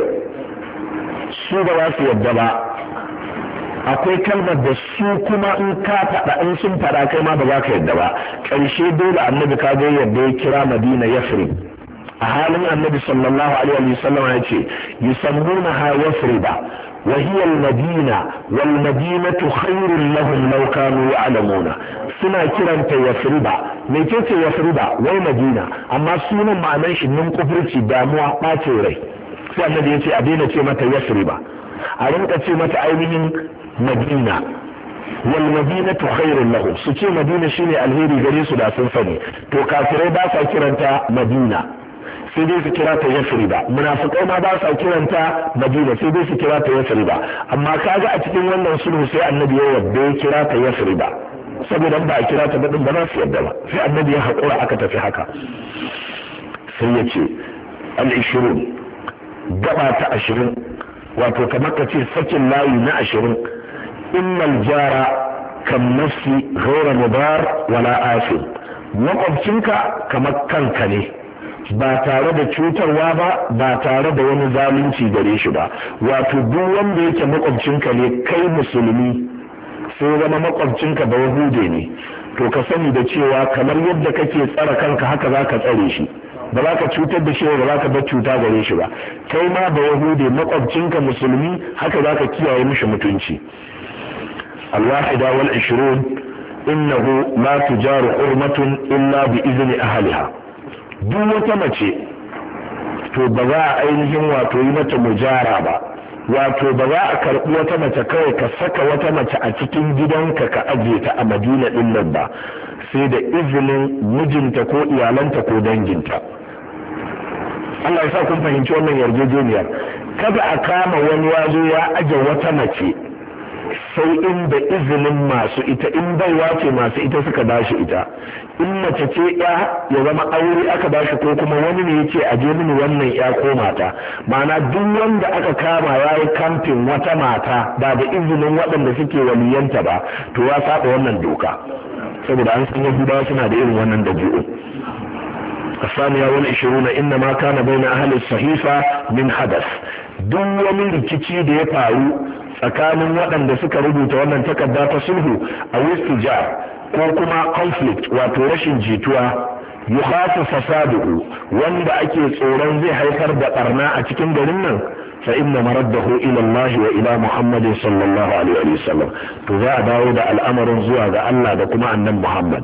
su ba za su yadda ba akwai kalmar da su kuma in ka faɗa in sun faɗa kai ma ba za ka yadda ba ƙarshe dole annabi ka ga yadda ya kira madina yasrib a halin annabi sallallahu alaihi wasallam ya ce yusammuna ha yasriba wa hiya al-madina wal madinatu khairun lahum law kanu ya'lamuna suna kiranta yasriba me ce yasriba wai madina amma sunan ma'anar shi nun kufurci damuwa ɓacin rai sai annabi ya ce a daina ce mata yasriba a rinka ce mata ainihin madina wal tu khairun lahum su ce madina shine alheri gare su da sun sani to kafirai ba sa kiranta madina sai dai su kira ta yasriba munafiqai ma ba sa kiranta madina sai dai su kira ta yasriba amma kaga a cikin wannan sulhu sai annabi ya yabbe kira ta ba saboda ba a kira ta badin ba za su yadda ba sai annabi ya haƙura aka tafi haka sai ya ce al ishirin gaba ta ashirin wato kamar ka ce sakin layi na ashirin innal jara kan nafsi ghaira mubar wala asim makwabcinka kamar kanka ne ba tare da cutarwa ba ba tare da wani zalunci gare shi ba wato duk wanda yake makwabcinka ne kai musulmi sai zama makwabcinka ba wahude ne to ka sani da cewa kamar yadda kake tsara kanka haka za ka tsare shi ba za ka cutar da shi ba za ka bar cuta gare shi ba kai ma ba wahude makwabcinka musulmi haka za ka kiyaye mishi mutunci alwahida wal 20 innahu la tujaru hurmatun illa bi a haliha. duk wata mace to ba za a ainihin wato yi mata mujara ba wato ba za a karɓi wata mace kawai ka saka wata mace a cikin gidanka ka aje ta a madina ɗin nan ba sai da izinin mijinta ko iyalanta ko danginta Allah ya sa kun fahimci wannan yarjejeniyar kada a kama wani wazo ya aje wata mace sai da izinin masu ita in baiwa ce masu ita suka shi ita in mace ce ya ya zama aure aka shi ko kuma wani ne yace a je mini wannan ya ko mata ma'ana duk wanda aka kama ya yi kamfin wata mata ba da izinin waɗanda suke waliyanta ba to ya saba wannan doka saboda an san yahuda suna da irin wannan dabi'u الثانية والعشرون إنما كان بين أهل الصحيفة من حدث duk wani rikici da ya faru tsakanin waɗanda suka rubuta wannan takarda ta sulhu a wistija ko kuma conflict wato rashin jituwa yukhafu fasaduhu wanda ake tsoron zai haifar da barna a cikin garin nan fa inna maraddahu ila Allah wa ila Muhammad sallallahu alaihi wa sallam to za a dawo da al'amarin zuwa ga Allah da kuma annan Muhammad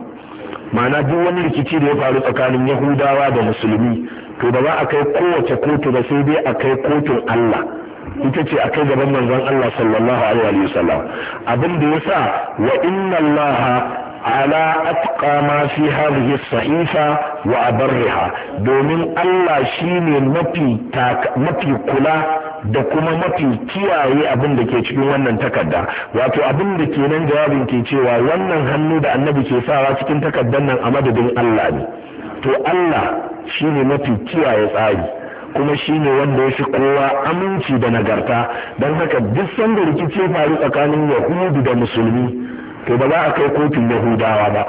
ma'ana duk wani rikici da ya faru tsakanin Yahudawa da Musulmi to ba za a kai kowace kotu ba sai dai a kai kotun Allah ita ce a kai gaban manzon Allah sallallahu alaihi wa sallam abin da sa wa inna Allah ala atqa ma fi hadhihi sahifa wa abarriha domin Allah shine mafi mafi kula da kuma mafi kiyaye abin da ke cikin wannan takarda wato abin da ke nan jawabin ke cewa wannan hannu da annabi ke sawa cikin takardar nan a madadin Allah ne to Allah shine mafi kiyaye tsari kuma shine wanda ya fi kowa aminci da nagarta don haka duk sanda rikici ya faru tsakanin yahudu da musulmi to ba za a kai kotun yahudawa ba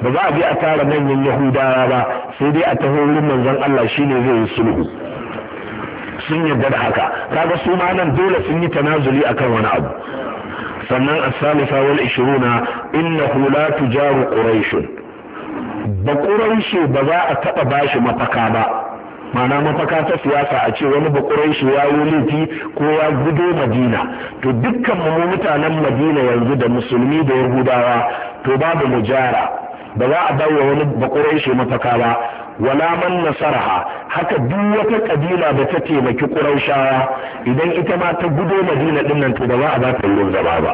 ba za a bi a tara manyan yahudawa ba sai dai a taho wurin manzon Allah shine zai yi sulhu sun yarda da haka kaga su ma nan dole sun yi tanazuli akan wani abu sannan as-salisa wal 20 innahu la tujaru quraishun ba shi ba za a taɓa bashi mafaka ba mana mafaka ta siyasa a ce wani bakurai shi ya yi laifi ko ya gudo madina to dukkan mu mutanen madina yanzu da musulmi da yahudawa to babu mujara ba za a dawo wani bakurai shi mafaka ba wala man nasaraha haka duk wata kabila da ta taimaki qurayshawa idan ita ma ta gudo madina din nan to ba za a ba ta ruwan zama ba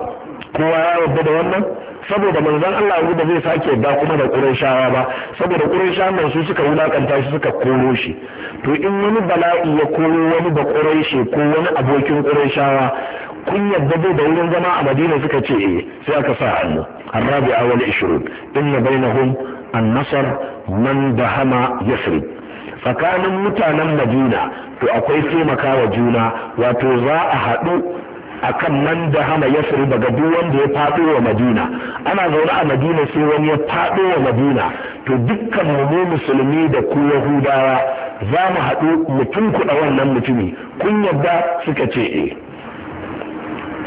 kowa ya yarda da wannan saboda manzon Allah da zai sake da kuma da qurayshawa ba saboda qurayshawa nan su suka wulakanta shi suka koro shi to in wani bala'i ya koro wani bakurai ko wani abokin qurayshawa kun yadda zai da wurin zama a madina suka ce eh sai aka sa hannu arabi awal ishirin inna bainahum an-nasr man dahama yasrib tsakanin mutanen madina to akwai taimakawa juna wato za a haɗu akan man da hama ya daga duk wanda ya faɗo wa madina ana zaune a madina sai wani ya faɗo wa madina to dukkan mu musulmi da ku yahudawa za mu haɗu mutum kuɗa wannan mutumi kun yadda suka ce eh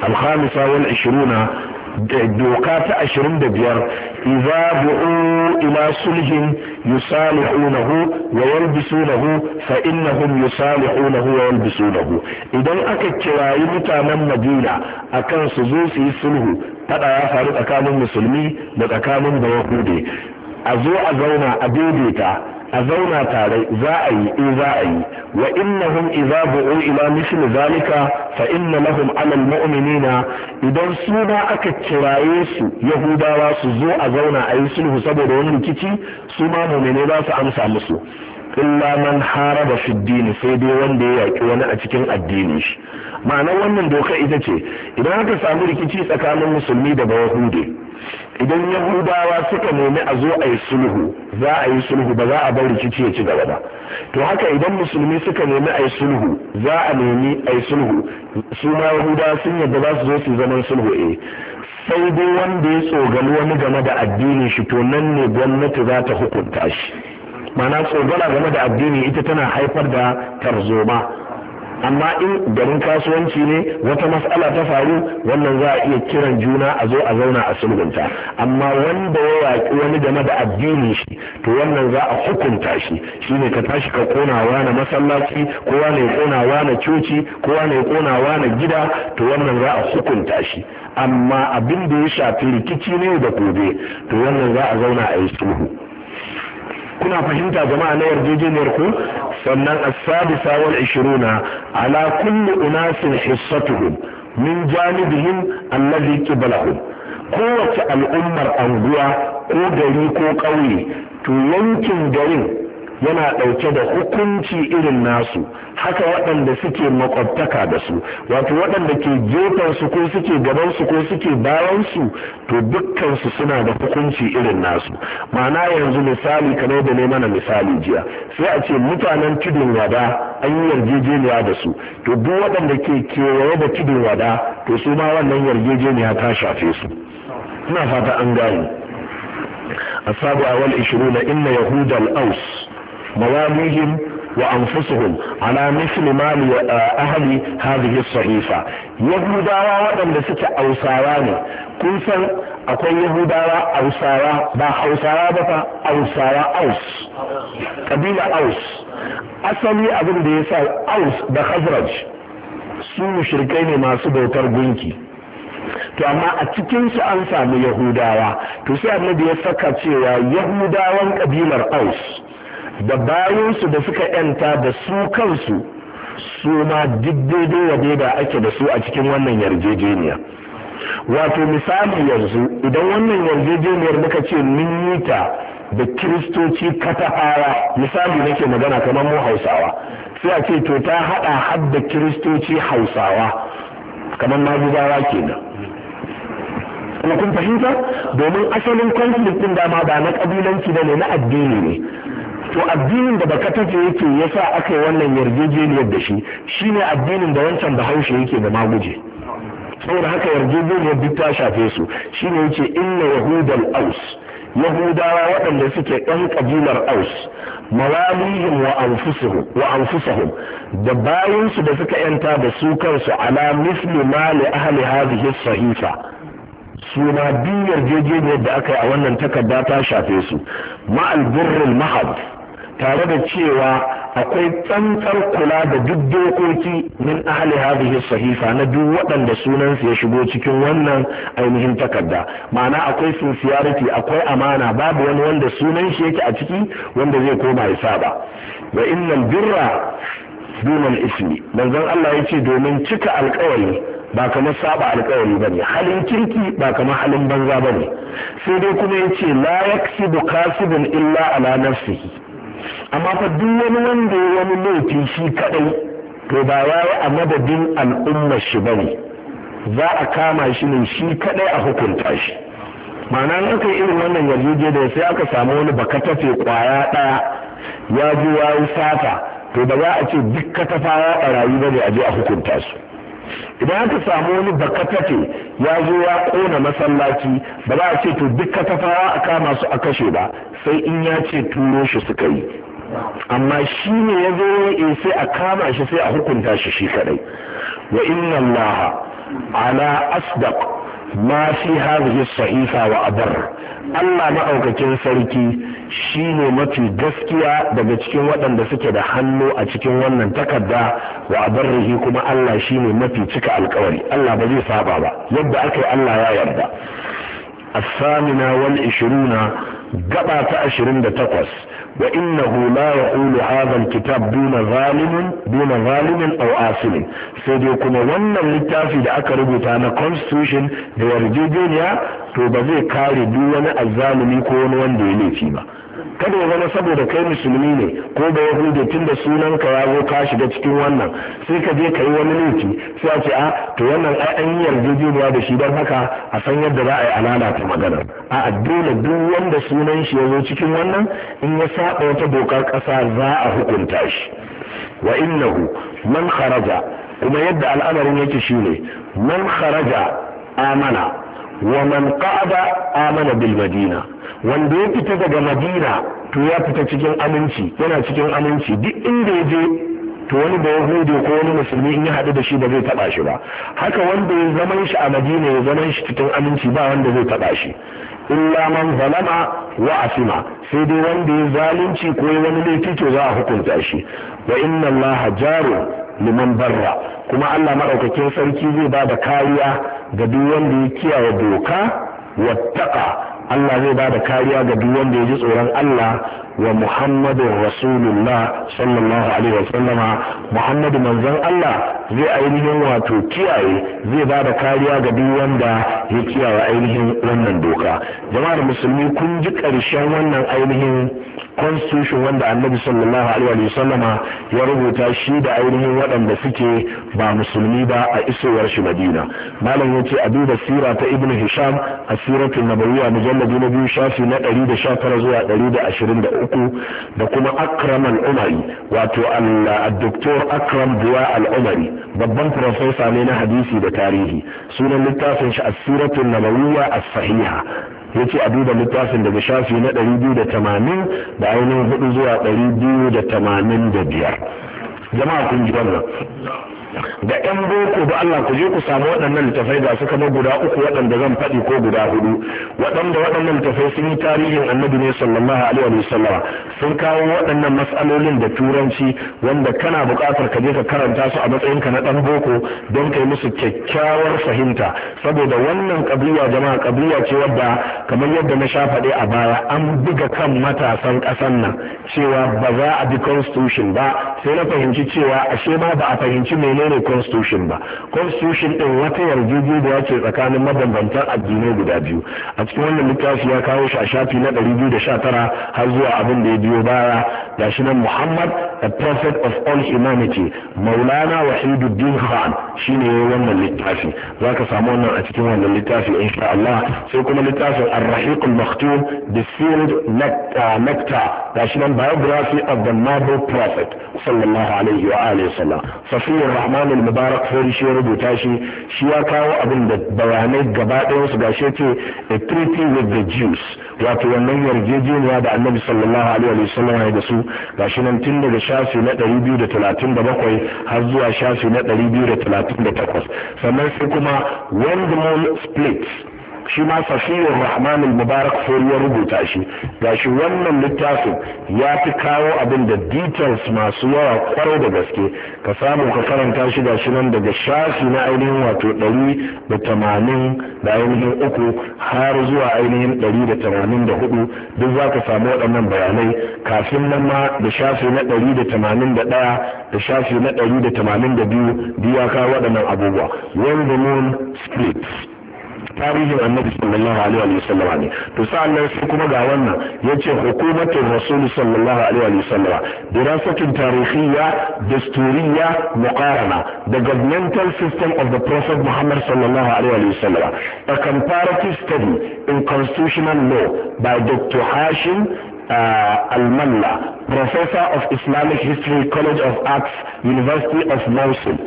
alhamisa wal ishiruna doka ta ashirin da biyar iza bu'u ila sulhin yusalihunahu wa yalbisunahu fa innahum yusalihunahu wa yalbisunahu idan aka kirayi mutanen madina akan su zo su yi sulhu fada ya faru tsakanin musulmi da tsakanin da a zo a zauna a daidaita a zauna tare za a yi in eh, za a yi wa innahum idza bu'u ila misli zalika fa inna lahum 'ala al-mu'minina idan su ba aka kiraye su yahudawa su zo a zauna a yi sulhu saboda wani rikici su ma mu'mine za su amsa musu illa man haraba fi dini sai dai wanda ya yaki wani a cikin addinin shi ma'anar wannan doka ita ce idan aka samu rikici tsakanin musulmi da bayahude idan yahudawa suka nemi a zo a yi sulhu za a yi sulhu ba za a bar rikici ya ci gaba ba to haka idan musulmi suka nemi a yi sulhu za a nemi a yi sulhu su ma yahudawa sun yadda za su zo su zaman sulhu eh sai dai wanda ya tsogali wani game da addinin shi to nan ne gwamnati za ta hukunta shi mana tsogala game da addini ita tana haifar da tarzoma amma in garin kasuwanci ne wata mas'ala ta faru wannan za a iya kiran juna a zo a zauna a sulhunta amma wanda ya yaƙi wani game da addinin shi to wannan za a hukunta shi shine ka tashi ka kona wani masallaci ko wani kona coci ko wani ya kona gida to wannan za a hukunta shi amma abin da ya shafi rikici ne da gobe to wannan za a zauna a yi sulhu kuna fahimta jama'a na yarjejeniyar ku sannan as-sadisa wal 20 ala kulli unasin hissatuhum min janibihim allazi qibalahum kowace al'ummar anguwa ko gari ko ƙauye to yankin garin yana ɗauke da hukunci irin nasu haka waɗanda suke makwabtaka da su wato waɗanda ke gefensu ko suke gabansu ko suke bayansu to dukkansu suna da hukunci irin nasu ma'ana yanzu misali kamar da ne mana misali jiya sai a ce mutanen tudun wada an yi yarjejeniya da su to duk waɗanda ke kewaye da tudun wada to su ma wannan yarjejeniya ta shafe su ina fata an gane asabu awal 20 inna yahudal aus مواليهم وأنفسهم على مثل مال أهل هذه الصحيفة يهوداوا waɗanda suke ausawa ne kun san akwai yahudawa ausawa ba hausawa ba fa ausawa aus kabila aus asali abin da ya sa aus da khazraj su mushirikai ne masu bautar gunki to amma a cikinsu an sami yahudawa to sai annabi ya saka cewa yahudawan kabilar aus da bayansu da suka yanta da su kansu su ma duk daidai wa daida ake da su a cikin wannan yarjejeniya wato misali yanzu idan wannan yarjejeniyar muka ce mun yi ta da kiristoci katahawa misali nake magana kamar mu hausawa sai a ce to ta hada har da kiristoci hausawa kamar maguzawa kenan kuma kun fahimta domin asalin conflict din dama ba na kabilanci ne na addini ne to addinin da bakatafe yake yasa aka yi wannan yarjejeniyar da shi shine addinin da wancan bahaushe yake da maguje saboda haka yarjejeniyar duk ta shafe su shine yace inna yahudal aus yahudawa waɗanda suke ɗan ƙabilar aus mawalihim wa anfusahum da bayansu da suka yanta da su kansu ala misli ma ahli hadhihi sahifa suna biyar yarjejeniyar da aka yi a wannan takarda ta shafe su ma albirrul mahad tare da cewa akwai tsantsar kula da duk dokoki min ahli hadhihi sahifa na duk waɗanda sunan ya shigo cikin wannan ainihin takarda ma'ana akwai sincerity akwai amana babu wani wanda sunan shi yake a ciki wanda zai koma ya saba wa innal birra dunan ismi manzon Allah ya ce domin cika alkawari ba kamar saba alkawari ba ne halin kirki ba kamar halin banza ba ne sai dai kuma ya ce la yaksibu kasibun illa ala nafsihi amma fa duk wani wanda ya wani laifi shi kadai to ba ya yi a madadin al'ummar shi bane za a kama shi ne shi kadai a hukunta shi ma'ana an aka irin wannan yarjejeniya sai aka samu wani bakatafe kwaya daya ya ji ya sata to ba za a ce duk katafa ya barayi bane a je a hukunta su idan aka samu wani bakatake ya zo ya kona masallaci ba za a ce to duk katafawa a kama su a kashe ba sai in ya ce turo shi suka yi amma shi ne ya zo ya sai a kama shi sai a hukunta shi shi kadai wa inna allaha ala asdaq ma fi hadhihi sahifa wa abar Allah ma'aukakin sarki shine mafi gaskiya daga cikin waɗanda suke da hannu a cikin wannan takarda wa abarrihi kuma Allah shine mafi cika alkawari Allah ba zai saba ba yadda aka yi Allah ya yarda a الثامنة والعشرون ashirin da تقص wa innahu la yaqulu hadha alkitab duna zalimin duna zalimin aw sai dai kuma wannan littafi da aka rubuta na constitution da yarjejeniya to ba zai kare duk wani azzalumi ko wani wanda ya laifi ba kada ya zama saboda kai musulmi ne ko da yahudi tun da sunan ka ya zo ka shiga cikin wannan sai ka je ka yi wani laifi sai a ce a ah, to wannan ai an yi yarjejeniya da shi don haka a san yadda za a yi alala ta magana a dole duk wanda sunan shi ya zo cikin wannan in ya saba wata dokar ƙasa za a hukunta shi wa innahu man kharaja kuma yadda al'amarin yake shine man kharaja amana wa man qa'ada amana bil madina wanda ya fita daga madina to ya fita cikin aminci yana cikin aminci duk inda ya je to wani da yahudi ko wani musulmi in ya haɗu da shi ba zai taɓa shi ba haka wanda ya zaman shi a madina ya zaman shi cikin aminci ba wanda zai taɓa shi illa man zalama wa asima sai dai wanda ya zalunci ko ya wani laifi to za a hukunta shi wa inna allaha jaru liman barra kuma allah maɗaukakin sarki zai ba da kariya ga duk wanda ya kiyaye doka wattaka Allah zai ba da kariya ga duk wanda ya ji tsoron Allah wa Muhammadu rasulullah sallallahu alaihi wasallama muhammadu manzon Allah zai ainihin wato kiyaye zai bada kariya ga duk wanda ya kiyaye ainihin wannan doka jama'ar musulmi kun ji ƙarshen wannan ainihin constitution wanda annabi sallallahu alaihi wasallama ya rubuta shi da ainihin waɗanda suke ba musulmi ba a isowar shi madina malam ya ce a duba sira ta ibnu hisham a siratul nabawiyya mujalladi na biyu shafi na 119 zuwa 123 uku da kuma akram al wato uh, al-doktor akram buwa al-umari babban profesa ne na hadisi da tarihi sunan littafin shi a suratun nabawiyya as-sahiha ya ce a duba littafin daga shafi na 280 da ainihin hudu zuwa 285 jama'a kun ji wannan da ɗan boko ba Allah ku je ku samu waɗannan littafai ga su kama guda uku waɗanda zan faɗi ko guda hudu waɗanda waɗannan littafai sun yi tarihin annabi ne sallallahu alaihi wa sallama sun kawo waɗannan matsalolin da turanci wanda kana buƙatar ka je ka karanta su a matsayinka na ɗan boko don kai musu kyakkyawar fahimta saboda wannan kabiya jama'a kabiya ce wadda kamar yadda na sha faɗi a baya an buga kan matasan ƙasan nan cewa ba za a bi constitution ba sai na fahimci cewa ashe ma ba a fahimci mene menene constitution ba constitution din wata yarjejeniya ce tsakanin mabambantan addinai guda biyu a cikin wannan littafi ya kawo shi a shafi na 219 har zuwa abin da ya biyo baya da nan Muhammad the prophet of all humanity Maulana Wahiduddin Khan shine wannan littafi zaka samu wannan a cikin wannan littafi insha Allah sai kuma littafin Ar-Rahiq al-Maktum the sealed nectar gashi nan biography of the noble prophet sallallahu alaihi wa alihi wasallam Safiyur abdurrahman al-mubarak fari shi ya rubuta shi shi ya kawo abin da bayanai gaba ɗayan su gashi ce a treaty with the jews wato wannan yarjejeniya da annabi sallallahu alaihi wa sallam ya da su gashi nan tun daga shafi na 237 har zuwa shafi na 238 sannan sai kuma when the moon splits shi ma safiyar rahman mubarak sai ya rubuta shi gashi wannan littafin ya fi kawo abin da details masu yawa kwarai da gaske ka samu ka karanta shi gashi nan daga shafi na ainihin wato ɗari da tamanin da ainihin uku har zuwa ainihin ɗari da tamanin da hudu duk za ka samu waɗannan bayanai kafin nan ma da shafi na ɗari da tamanin da ɗaya da shafi na ɗari da tamanin da biyu biyu ya kawo waɗannan abubuwa when the moon splits tarihin annabi sallallahu alaihi wa sallama ne to sa'annan sai kuma ga wannan yace hukumatul rasul sallallahu alaihi wa sallama dirasatun tarihiyya dasturiyya muqarana the governmental system of the prophet muhammad sallallahu alaihi wa sallam a comparative study in constitutional law by dr hashim uh, al-malla professor of islamic history college of arts university of mosul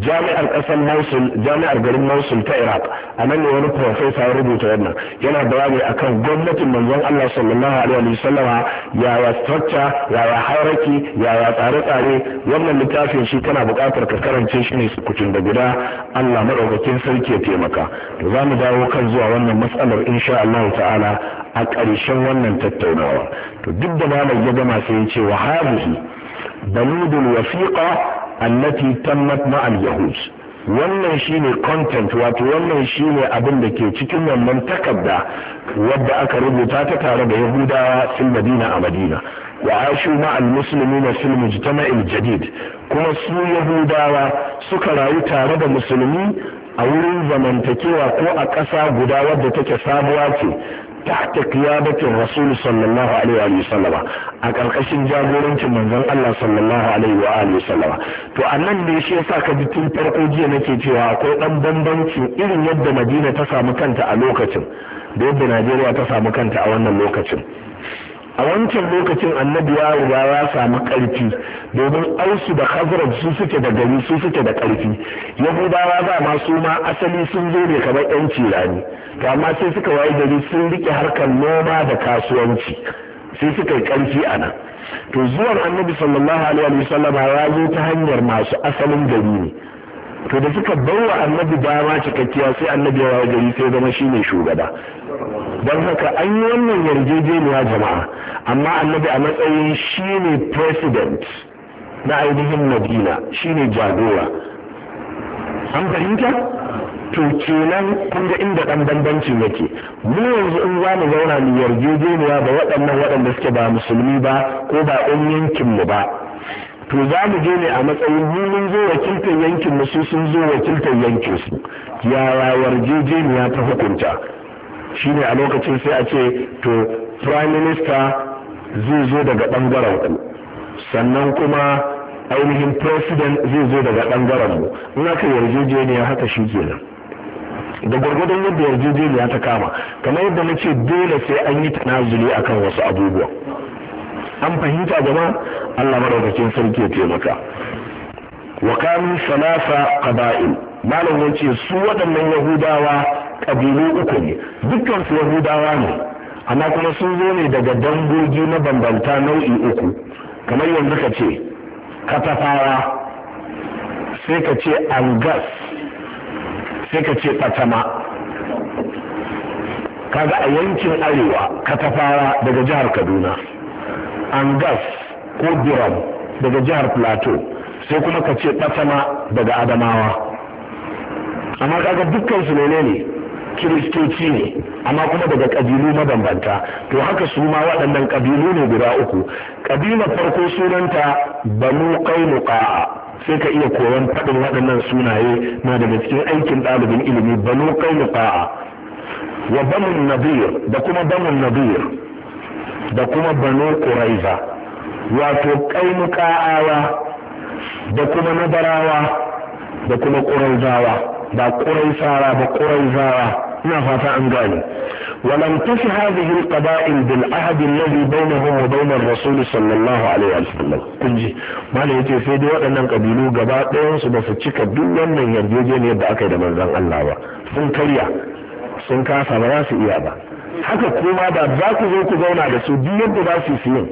jami'ar ƙasar Mosul jami'ar garin Mosul ta Iraq a nan ne wani profesa ya rubuta wannan yana bayani akan gwamnatin manzon Allah sallallahu alaihi wa sallama yaya structure yaya hierarchy yaya tsare-tsare wannan littafin shi kana buƙatar ka karance shi ne sukucin da guda Allah maɗaukakin sarki ya taimaka to za mu dawo kan zuwa wannan matsalar insha Allah ta'ala a ƙarshen wannan tattaunawa to duk da malam ya gama sai ya ce wa hadhihi dalilul wasiqa allati tammat ma'al yahud wannan shine content wato wannan shine abin da ke cikin wannan takarda wadda aka rubuta ta tare da yahudawa fil madina a madina wa ashu ma'al muslimina fil mujtama'il jadid kuma su yahudawa suka rayu tare da musulmi a wurin zamantakewa ko a ƙasa guda wadda take sabuwa ce tahta qiyadatin rasul sallallahu alaihi wa sallama a karkashin jagorancin manzon Allah sallallahu alaihi wa alihi sallama to annan ne shi yasa ka ji tun farko jiya nake cewa akwai dan bambanci irin yadda Madina ta samu kanta a lokacin da yadda Najeriya ta samu kanta a wannan lokacin a wancan lokacin annabi ya riga ya samu ƙarfi domin ausu da khazraj su suke da gari su suke da ƙarfi yahudawa ba ma su ma asali sun zo ne kamar yan cirani to amma sai suka waye gari sun rike harkar noma da kasuwanci sai suka yi ƙarfi a nan to zuwan annabi sallallahu alaihi wa sallama ya zo ta hanyar masu asalin gari ne to da suka wa annabi dama cikakkiya sai annabi ya waye gari sai zama shine shugaba don haka an yi wannan yarjejeniya jama'a amma annabi a matsayin shine president na ainihin madina shine jagora an fahimta to kenan kun ga inda dan bambanci yake mu yanzu in za mu zauna mu yarjejeniya ba waɗannan waɗanda suke ba musulmi ba ko ba ɗan yankin mu ba to za mu je ne a matsayin mu mun zo wakiltar yankin mu su sun zo wakiltar yankin su yaya yarjejeniya ta hukunta shine a lokacin sai a ce to prime minister zai zo daga bangaren ku sannan kuma ainihin president zai zo daga bangaren mu in aka yarjejeniya haka shi kenan da gwargwadon yadda yarjejeniya ta kama kamar yadda na ce dole sai an yi tanazuli akan wasu abubuwa an fahimta gama Allah madaukakin sarki ya taimaka wa kanu salasa qaba'il malam yace su waɗannan yahudawa ƙabilu uku ne dukkan su yahudawa ne amma kuma sun zo ne daga dangogi bambanta nau'i uku kamar yanzu ka ce katafawa sai ka ce angas sai ka ce ka kaga a yankin arewa ka ta fara daga jihar kaduna angas ko biram daga jihar plateau sai kuma ka ce katama daga adamawa amma kaga dukkan su ne ne kiristoci ne amma kuma daga ƙabilu mabambanta to haka su ma waɗannan ƙabilu ne guda uku ƙabilar farko sunanta banu qainuqa sai ka iya koyon faɗin waɗannan sunaye na daga cikin aikin ɗalibin ilimi banu qainuqa wa banu nadir da kuma banu nadir da kuma banu quraiza wato qainuqa'awa da kuma nadarawa da kuma quraizawa ba kurai sara ba kurai zara ina fata an gane ولم تف هذه القبائل بالعهد الذي بينهم وبين الرسول صلى الله عليه وسلم kunji mala yace sai dai waɗannan kabilu gaba ɗayan su ba su cika duk wannan yarjejeniyar da aka yi da manzon Allah ba sun karya sun kasa ba za su iya ba haka kuma da za ku zo ku zauna da su duk yadda za su yi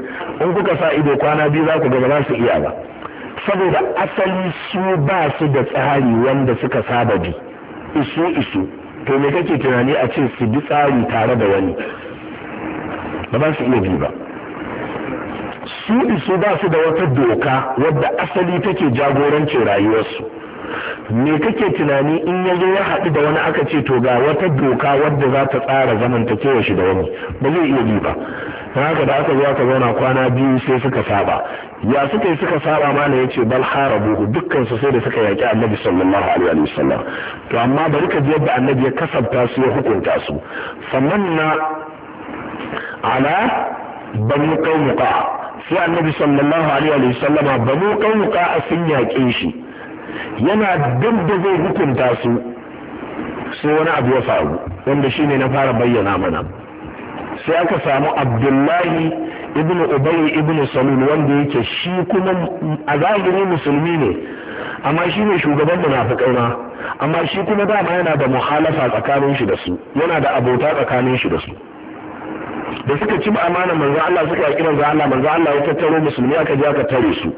in kuka sa ido kwana biyu za ku ga ba za su iya ba saboda asali su ba su da tsari wanda suka saba bi isu isu to me kake tunani a ce su bi tsari tare da wani ba ba su iya bi ba su isu ba su da wata doka wadda asali take jagorancin rayuwarsu me kake tunani in ya zo ya haɗu da wani aka ce to ga wata doka wadda za ta tsara zamantakewa shi da wani ba zai iya bi ba na haka da aka zo aka zauna kwana biyu sai suka saba ya suka yi suka saba malam yace bal harabu dukkan su sai da suka yaki annabi sallallahu alaihi wa to amma bari ka ji yadda annabi ya kasabta su ya hukunta su famanna ala banu qauqa sai annabi sallallahu alaihi wa sallama banu sun yaƙe shi yana duk zai hukunta su sai wani abu ya faru wanda shine na fara bayyana mana sai aka samu abdullahi ibn ubay ibn salul wanda yake shi kuma a zahiri musulmi ne amma shi ne shugaban munafikai ma amma shi kuma dama yana da muhalafa tsakanin shi da su yana da abota tsakanin shi da su da suka ci amana manzo Allah suka yi manzo Allah manzo Allah ya tattaro musulmi aka je aka tare su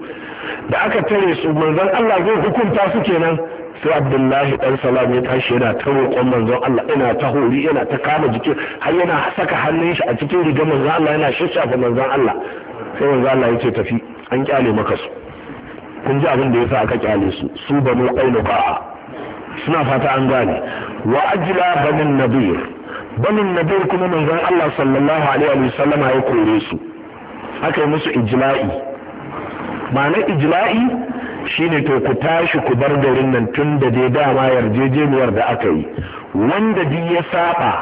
da aka tare su manzon Allah zai hukunta su kenan sai abdullahi dan salam ya tashi yana ta roƙon manzon Allah ina ta hori yana ta kama jiki har yana saka hannun shi a cikin rigar manzon Allah yana shashafa manzon Allah sai manzon Allah ya ce tafi an kyale maka su kun ji abin da yasa aka kyale su su banu ba suna fata an gane wa ajla banin nadir banin nadir kuma manzon Allah sallallahu alaihi wa sallam ya kore su aka yi musu ijla'i ma'ana ijla'i shine to ku tashi ku bar garin nan tun da dai dama yarjejeniyar da aka yi wanda duk ya saba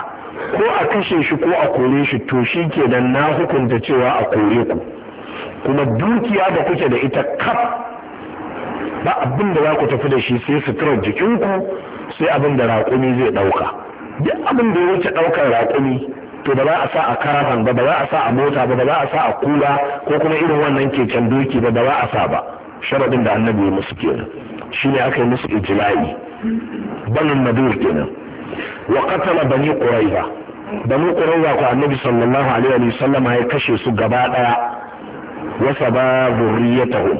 ko a kashe shi ko a kore shi to shi kenan na hukunta cewa a kore ku kuma dukiya da kuke da ita kaf ba abin da za ku tafi da shi sai suturar jikinku sai abin da raƙumi zai ɗauka duk abin da ya wuce ɗaukar raƙumi to ba za a sa a karafan ba ba za a sa a mota ba ba za a sa a kula ko kuma irin wannan keken doki ba ba za a sa ba sharadin da annabi ya musu kenan shine aka yi musu ijila'i banin nadur kenan wa qatala bani quraiza bani quraiza ko annabi sallallahu alaihi wa sallam ya kashe su gaba daya wa saba zurriyatahum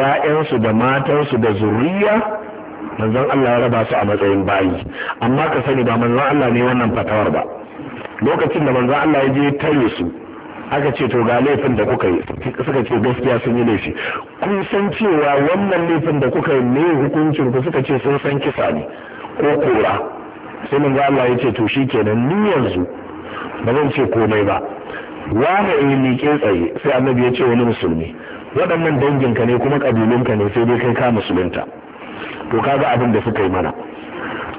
ya'yansu da matansu da zurriya manzon Allah ya raba su a matsayin bayi amma ka sani ba manzon Allah ne wannan fatawar ba lokacin da manzon Allah ya je tare su aka ce to ga laifin da kuka yi suka ce gaskiya sun yi laifi kun san cewa wannan laifin da kuka yi ne hukuncin ku suka ce sun san kisa ne ko kora sai mun ga Allah ya ce to shikenan ni yanzu ba zan ce komai ba wani yi miƙe tsaye sai annabi ya ce wani musulmi waɗannan dangin ka ne kuma ƙabilunka ne sai dai kai ka musulunta to kaga abin da suka yi mana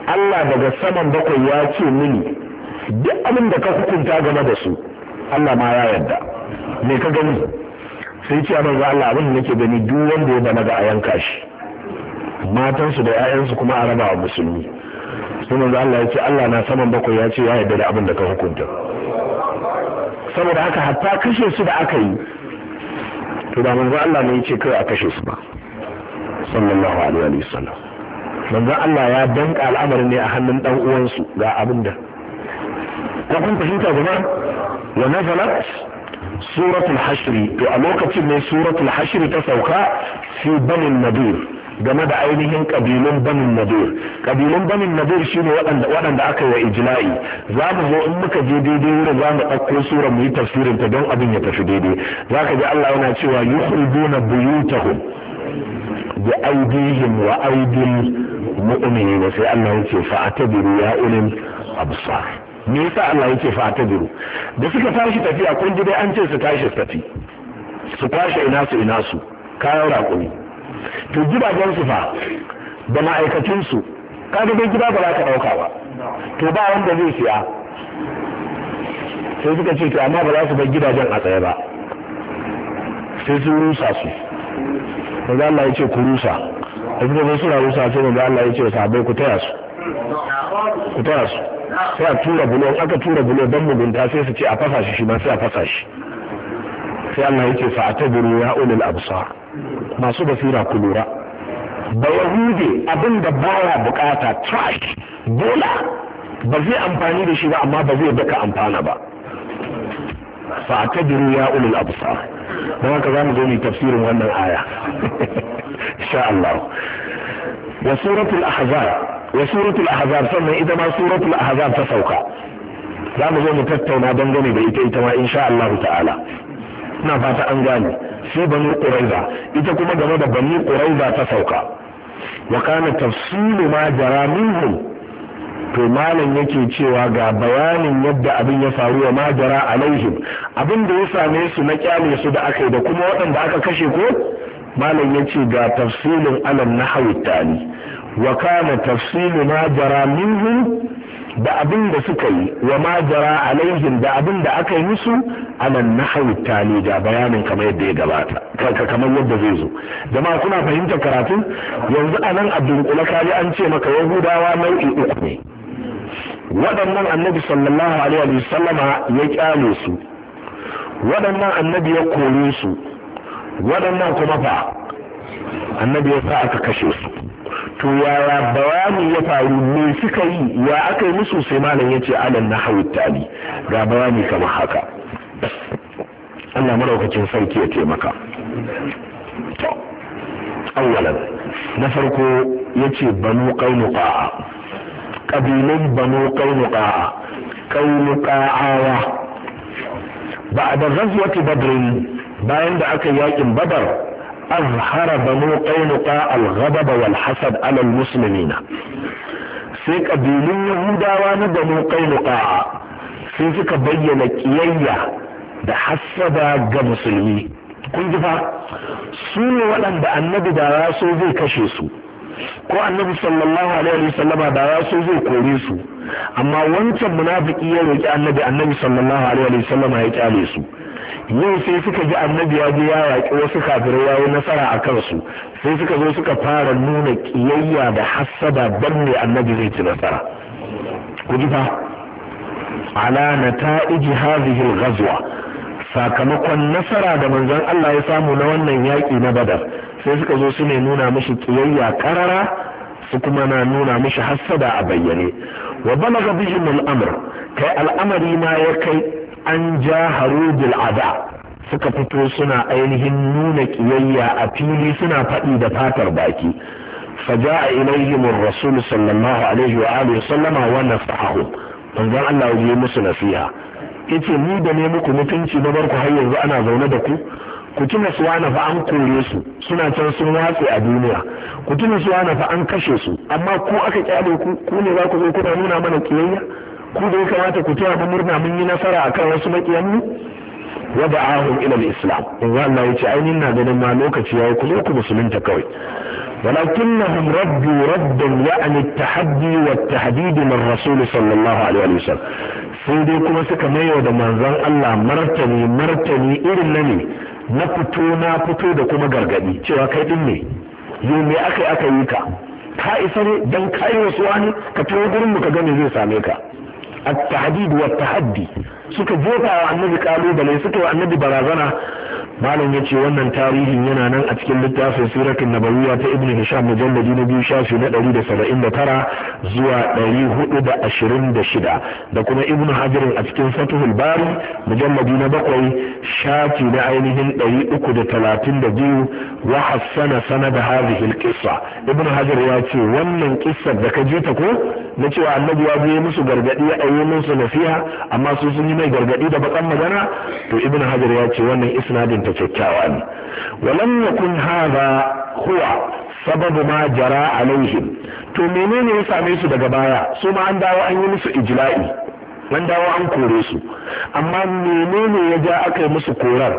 Allah daga saman bakwai ya ce mini duk abin da ka hukunta game da su Allah ma ya yarda me ka gani sai ce manzo Allah abin da nake gani duk wanda ya ga a yanka shi su da su kuma a raba wa musulmi sai manzo Allah ya ce Allah na saman bakwai ya ce ya yarda da abin da ka hukunta saboda haka hatta kashe su da aka yi to da manzo Allah ne ya ce kai a kashe su ba sallallahu alaihi wa sallam manzo Allah ya danka al'amarin ne a hannun dan uwansu ga abin da kun fahimta jama'a wa nazalat suratul hashiri to a lokacin ne suratul hashiri ta sauka si banin nadir game da ainihin ƙabilun banin nadir ƙabilun banin nadir shine waɗanda aka yi wa ijla'i za mu zo in muka je daidai wurin za mu ɗauko sura mu yi tafsirin ta don abin ya tafi daidai za ka ji Allah yana cewa yukhrijuna buyutahum bi aydihim wa aydil mu'minina sai Allah ya ce fa atabiru ya ulil absar me yasa Allah yake fa ta biro da suka tashi tafiya kun ji dai an ce su tashi su tafi su tashi ina su ina su kayan raƙumi to gidajen su fa da ma'aikacin su kaga dai gida ba za ka dauka ba to ba wanda zai siya sai suka ce to amma ba za su bar gidajen a tsaye ba sai sun rusa su manzo Allah ya ce ku rusa da suka su suna rusa sai manzo Allah ya ce sabai ku taya su ku taya su sai a tura bulo aka tura bulo don mugunta sai su ce a fasa shi shi ma sai a fasa shi sai Allah yake fa atabiru ya ulul absar masu basira ku lura ba yahude abin da baya bukata trash bola ba zai amfani da shi ba amma ba zai daka amfana ba fa atabiru ya ulul absar don haka zamu zo mu tafsirin wannan aya insha Allah wa suratul ahzab wa suratul ahzab sannan ita ma suratul ahzab ta sauka za mu zo mu tattauna dangane da ita ita ma insha Allah ta'ala ina fata an gane sai banu quraiza ita kuma game da banu quraiza ta sauka wa kana tafsilu ma jara minhum to malam yake cewa ga bayanin yadda abin ya faru wa ma jara alaihim abin da ya same su na kyale su da aka yi da kuma waɗanda aka kashe ko malam yace ga tafsilin alam nahwi tani wa kana tafsilu ma jara minhum da abin da suka yi wa ma jara alaihim da abin da aka yi musu anan nahwu tali da bayanin kamar yadda ya gabata kanka kamar yadda zai zo jama'a kuna fahimtar karatun yanzu anan a dunkule kaji an ce maka yahudawa nau'i uku ne waɗannan annabi sallallahu alaihi wa sallama ya kyale su waɗannan annabi ya kore su waɗannan kuma fa annabi ya sa aka kashe su to yaya bayani ya faru me suka yi ya aka yi musu sai malam ya ce alal nahawi tali ga bayani kamar haka Allah maraukakin sarki ya taimaka to na farko yace banu qainuqa ƙabilun banu qainuqa a ba'da ghazwati badr bayan da aka yakin badar azhara banu qainuqa al-ghadab wal alal musulmina sai kabilun yahudawa na banu qainuqa sai suka bayyana ƙiyayya da hasada ga musulmi kun ji fa su waɗanda annabi da raso zai kashe su ko annabi sallallahu alaihi wa sallama da ya so zai kore su amma wancan munafiki ya roki annabi annabi sallallahu alaihi wa sallama ya kyale su yau sai suka ji annabi ya je ya yaƙi wasu kafir ya yi nasara a kansu sai suka zo suka fara nuna ƙiyayya da hassada dan ne annabi zai ci nasara ku ji fa ala nata'iji hadhihi ghazwa sakamakon nasara da manzon Allah ya samu na wannan yaƙi na Badar sai suka zo su ne nuna mishi ƙiyayya karara su kuma na nuna mishi hassada a bayyane wa balaga bihim al'amur. kai al'amari ma ya kai an ja harudul ada suka fito suna ainihin nuna kiyayya a fili suna faɗi da fatar baki فجاء إليهم الرسول صلى الله عليه وآله وسلم ونفعهم من قال الله يمسنا فيها yace ni da ne muku mutunci na barku har yanzu ana zaune da ku ku tuna su wani fa an kore su suna can sun watse a duniya ku tuna su wani fa an kashe su amma ku aka kyale ku ku ne za ku zo kuna nuna mana kiyayya ku da ya kamata ku taya mu murna mun yi nasara akan wasu makiyan mu wa da'ahum islam in Allah ya ce ainihin na ganin ma lokaci yi ku ku musulunta kawai ولكنهم ردوا ya يعني التحدي والتهديد من الرسول sallallahu alaihi wa وسلم sai dai kuma suka maiwa da manzon Allah martani martani irin na ne na fito na fito da kuma gargaɗi cewa kai din ne yi me aka yi aka yi ka ka isa ne dan kai wasu wani ka tawo gurin mu ka gane zai same ka at-tahdid wa tahaddi suka jefa wa annabi kalubale suka wa annabi barazana malam ya ce wannan tarihin yana nan a cikin littafin siratun nabawiya ta ibn hisham mujalladi na biyu shafi na ɗari da saba'in da tara zuwa ɗari hudu da ashirin da shida da kuma ibn hajar a cikin fatuhul bari mujalladi na bakwai shafi na ainihin ɗari uku da talatin da biyu wa hassana sanada hadhihi alqissa ibn hajar ya ce wannan kissar da ka je ta ko na cewa annabi ya je musu gargadi a yi musu nasiha amma su sun yi mai gargadi da bakan magana to ibn hajar ya ce wannan isnadin da kyakkyawa ne walam yakun hadha huwa sababu ma jara alaihim to menene ya same su daga baya su ma an dawo an yi musu ijla'i an dawo an kore su amma menene ya ja aka yi musu korar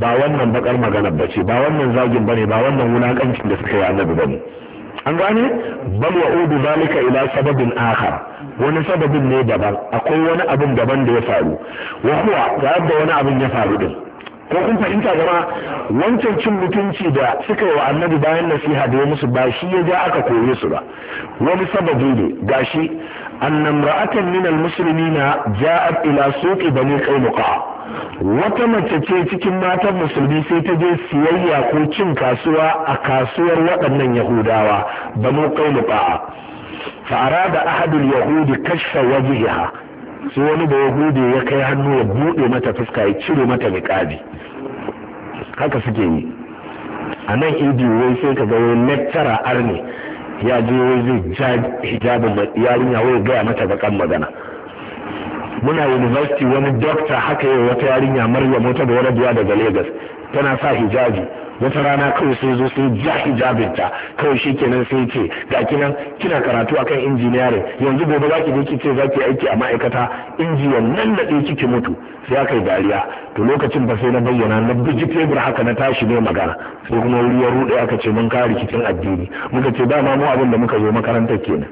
ba wannan bakar magana bace ba wannan zagin bane ba wannan wulakancin da suka yi annabi bane an gane bal wa udu zalika ila sababin akhar wani sababin ne daban akwai wani abin daban da ya faru wa huwa ga yadda wani abin ya faru din ko kun fahimta gama wancan cin mutunci da suka yi wa annabi bayan nasiha da ya musu ba shi ya ja aka koye su ba wani sababi ne gashi annan ra'atan min na ja'at ila suqi bani qainuqa wata mace ce cikin matan musulmi sai ta je siyayya ko cin kasuwa a kasuwar waɗannan yahudawa bani qainuqa fa arada ahadul yahudi kashfa wajhiha sai wani da ya gode ya kai hannu ya buɗe mata fuska ya cire mata niƙabi haka suke yi a nan idi wai sai ka ga wani lecturer arne ya je wai zai ja hijabin yarinya wai gaya mata bakan magana muna university wani doctor haka yau wata yarinya maryam wata da wani daga lagos tana sa hijabi wata rana kawai sai zo sai ja ta kawai shi kenan sai ce ga kinan kina karatu akan injiniyarin yanzu gobe zaki je ki zaki aiki a ma'aikata injiyan nan da ɗaya kike mutu sai aka yi dariya to lokacin ba sai na bayyana na biji tebur haka na tashi ne magana sai kuma wuri ya rude aka ce mun kare rikicin addini muka ce dama mu abin da muka zo makarantar kenan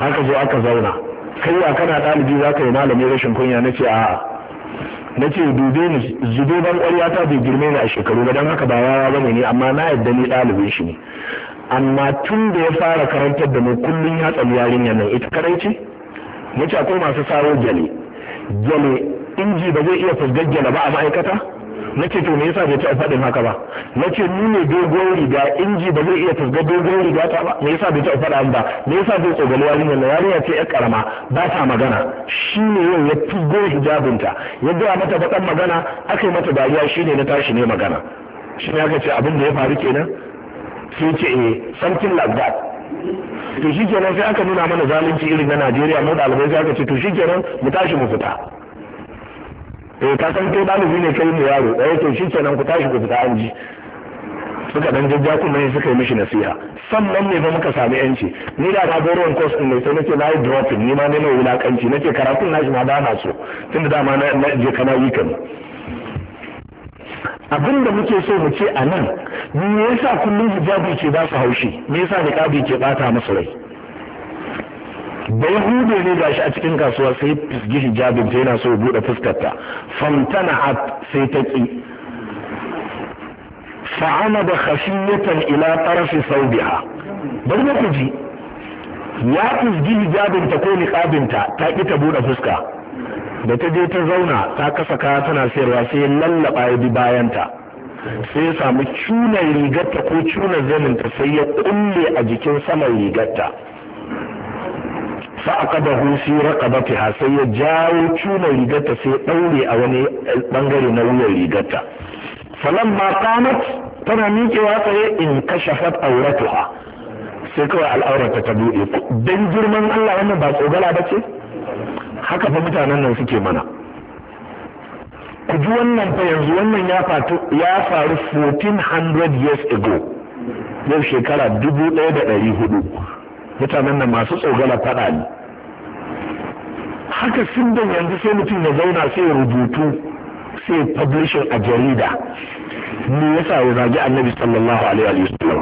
aka zo aka zauna kai wa kana ɗalibi za ka yi malami rashin kunya na ce a'a na ce dube ni zube ban ƙwarya ta bai girme ni a shekaru ba don haka ba yawa ba ne amma na yadda ni ɗalibin shi ne amma tun da ya fara karantar da mu kullum ya tsali yarinyar nan ita karanci ce mu ce akwai masu saro gyale gyale inji ba zai iya fusgar gyale ba a ma'aikata nace to me yasa bai taɓa faɗin haka ba nace ni ne dogon riga inji ba zai iya tasga dogon riga ta ba me yasa bai taɓa faɗa ba me yasa bai tsogali yarinyar na yarinya ce yar karama ba ta magana shine yau ya figo hijabinta ya gaya mata fadan magana aka yi mata dariya shine na tashi ne magana shi ne aka ce abin da ya faru kenan sai ce eh something like that to shi kenan sai aka nuna mana zalunci irin na Najeriya mu dalibai sai aka ce to shi kenan mu tashi mu fita eh ka san kai dalibi ne kai mu yaro ɗaya eh, to shi kenan ku tashi ku fita an ji suka dan jajja kuma ne suka yi mishi nasiha sannan ne ba muka sami yanci ni da ka goro course din ne sai nake na dropping ni ma ne mai wulakanci nake karatun nashi ma da na so tunda dama na je kana kan. abin da muke so mu ce a nan me yasa kullum hijabi ke ba su haushi me yasa niqabi ke bata musu rai bai hude ne shi a cikin kasuwa sai fisgi hijabin ta yana so ya bude fuskarta famtana sai ta ki fa'ana da khashiyatan ila tarafi saudiha bari ku ji ya fisgi hijabin ta ko niqabin ta ta ki ta bude fuska da ta je ta zauna ta kasa kaya tana sayarwa sai lallaba ya bi bayanta sai ya samu cunan rigarta ko cunan zaninta sai ya kulle a jikin saman rigarta fa'aqadahu fi raqabatiha sai ya jawo cuna rigarta sai daure a wani eh, bangare na wuyan rigarta falamma qamat tana miƙewa tsaye in kashafat auratuha sai kawai al'aurata ta buɗe dan girman Allah wannan ba tsogala ba ce haka fa mutanen nan suke mana ku ji wannan fa yanzu wannan ya faru 1400 years ago yau shekara 1400 mutanen nan masu tsogala faɗa ne haka sindan yanzu sai mutum ya zauna sai rubutu sai publishing a jarida ya yasa ya zagi annabi sallallahu alaihi wasallam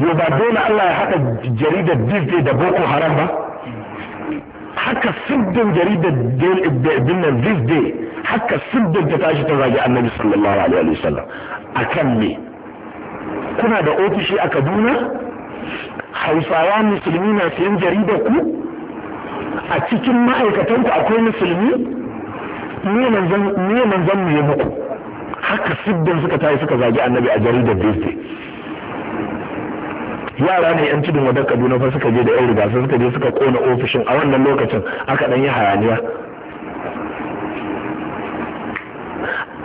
yau ba dole Allah ya haɗa jaridar Dizde da Boko Haram ba haka jarida jaridar dinnan Dizde haka siddin ta tashi ta zagi annabi sallallahu alaihi wasallam akan ne kuna da ofishi a Kaduna hausawa musulmi na siyan jaridar ku a cikin ma'aikatan ku akwai musulmi ne manzan mu ya muku haka siddin suka tayi suka zagi annabi a jaridar birthday yara ne yan tudun wadar kaduna fa suka je da yan riga suka je suka kona ofishin a wannan lokacin aka dan yi hayaniya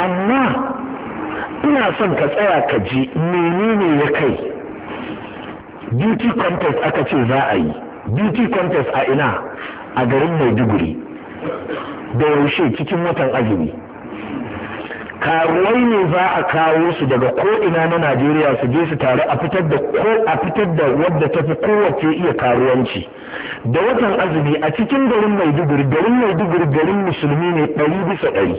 amma ina son ka tsaya ka ji menene ya kai beauty contest aka ce za a yi beauty contest a ina a garin maiduguri da yaushe cikin watan azumi karuwai ne za a kawo su daga ko'ina na najeriya su je su tare a fitar da ko a fitar da wadda ta fi kowace iya karuwanci da watan azumi a cikin garin maiduguri garin maiduguri garin musulmi ne ɗari bisa ɗari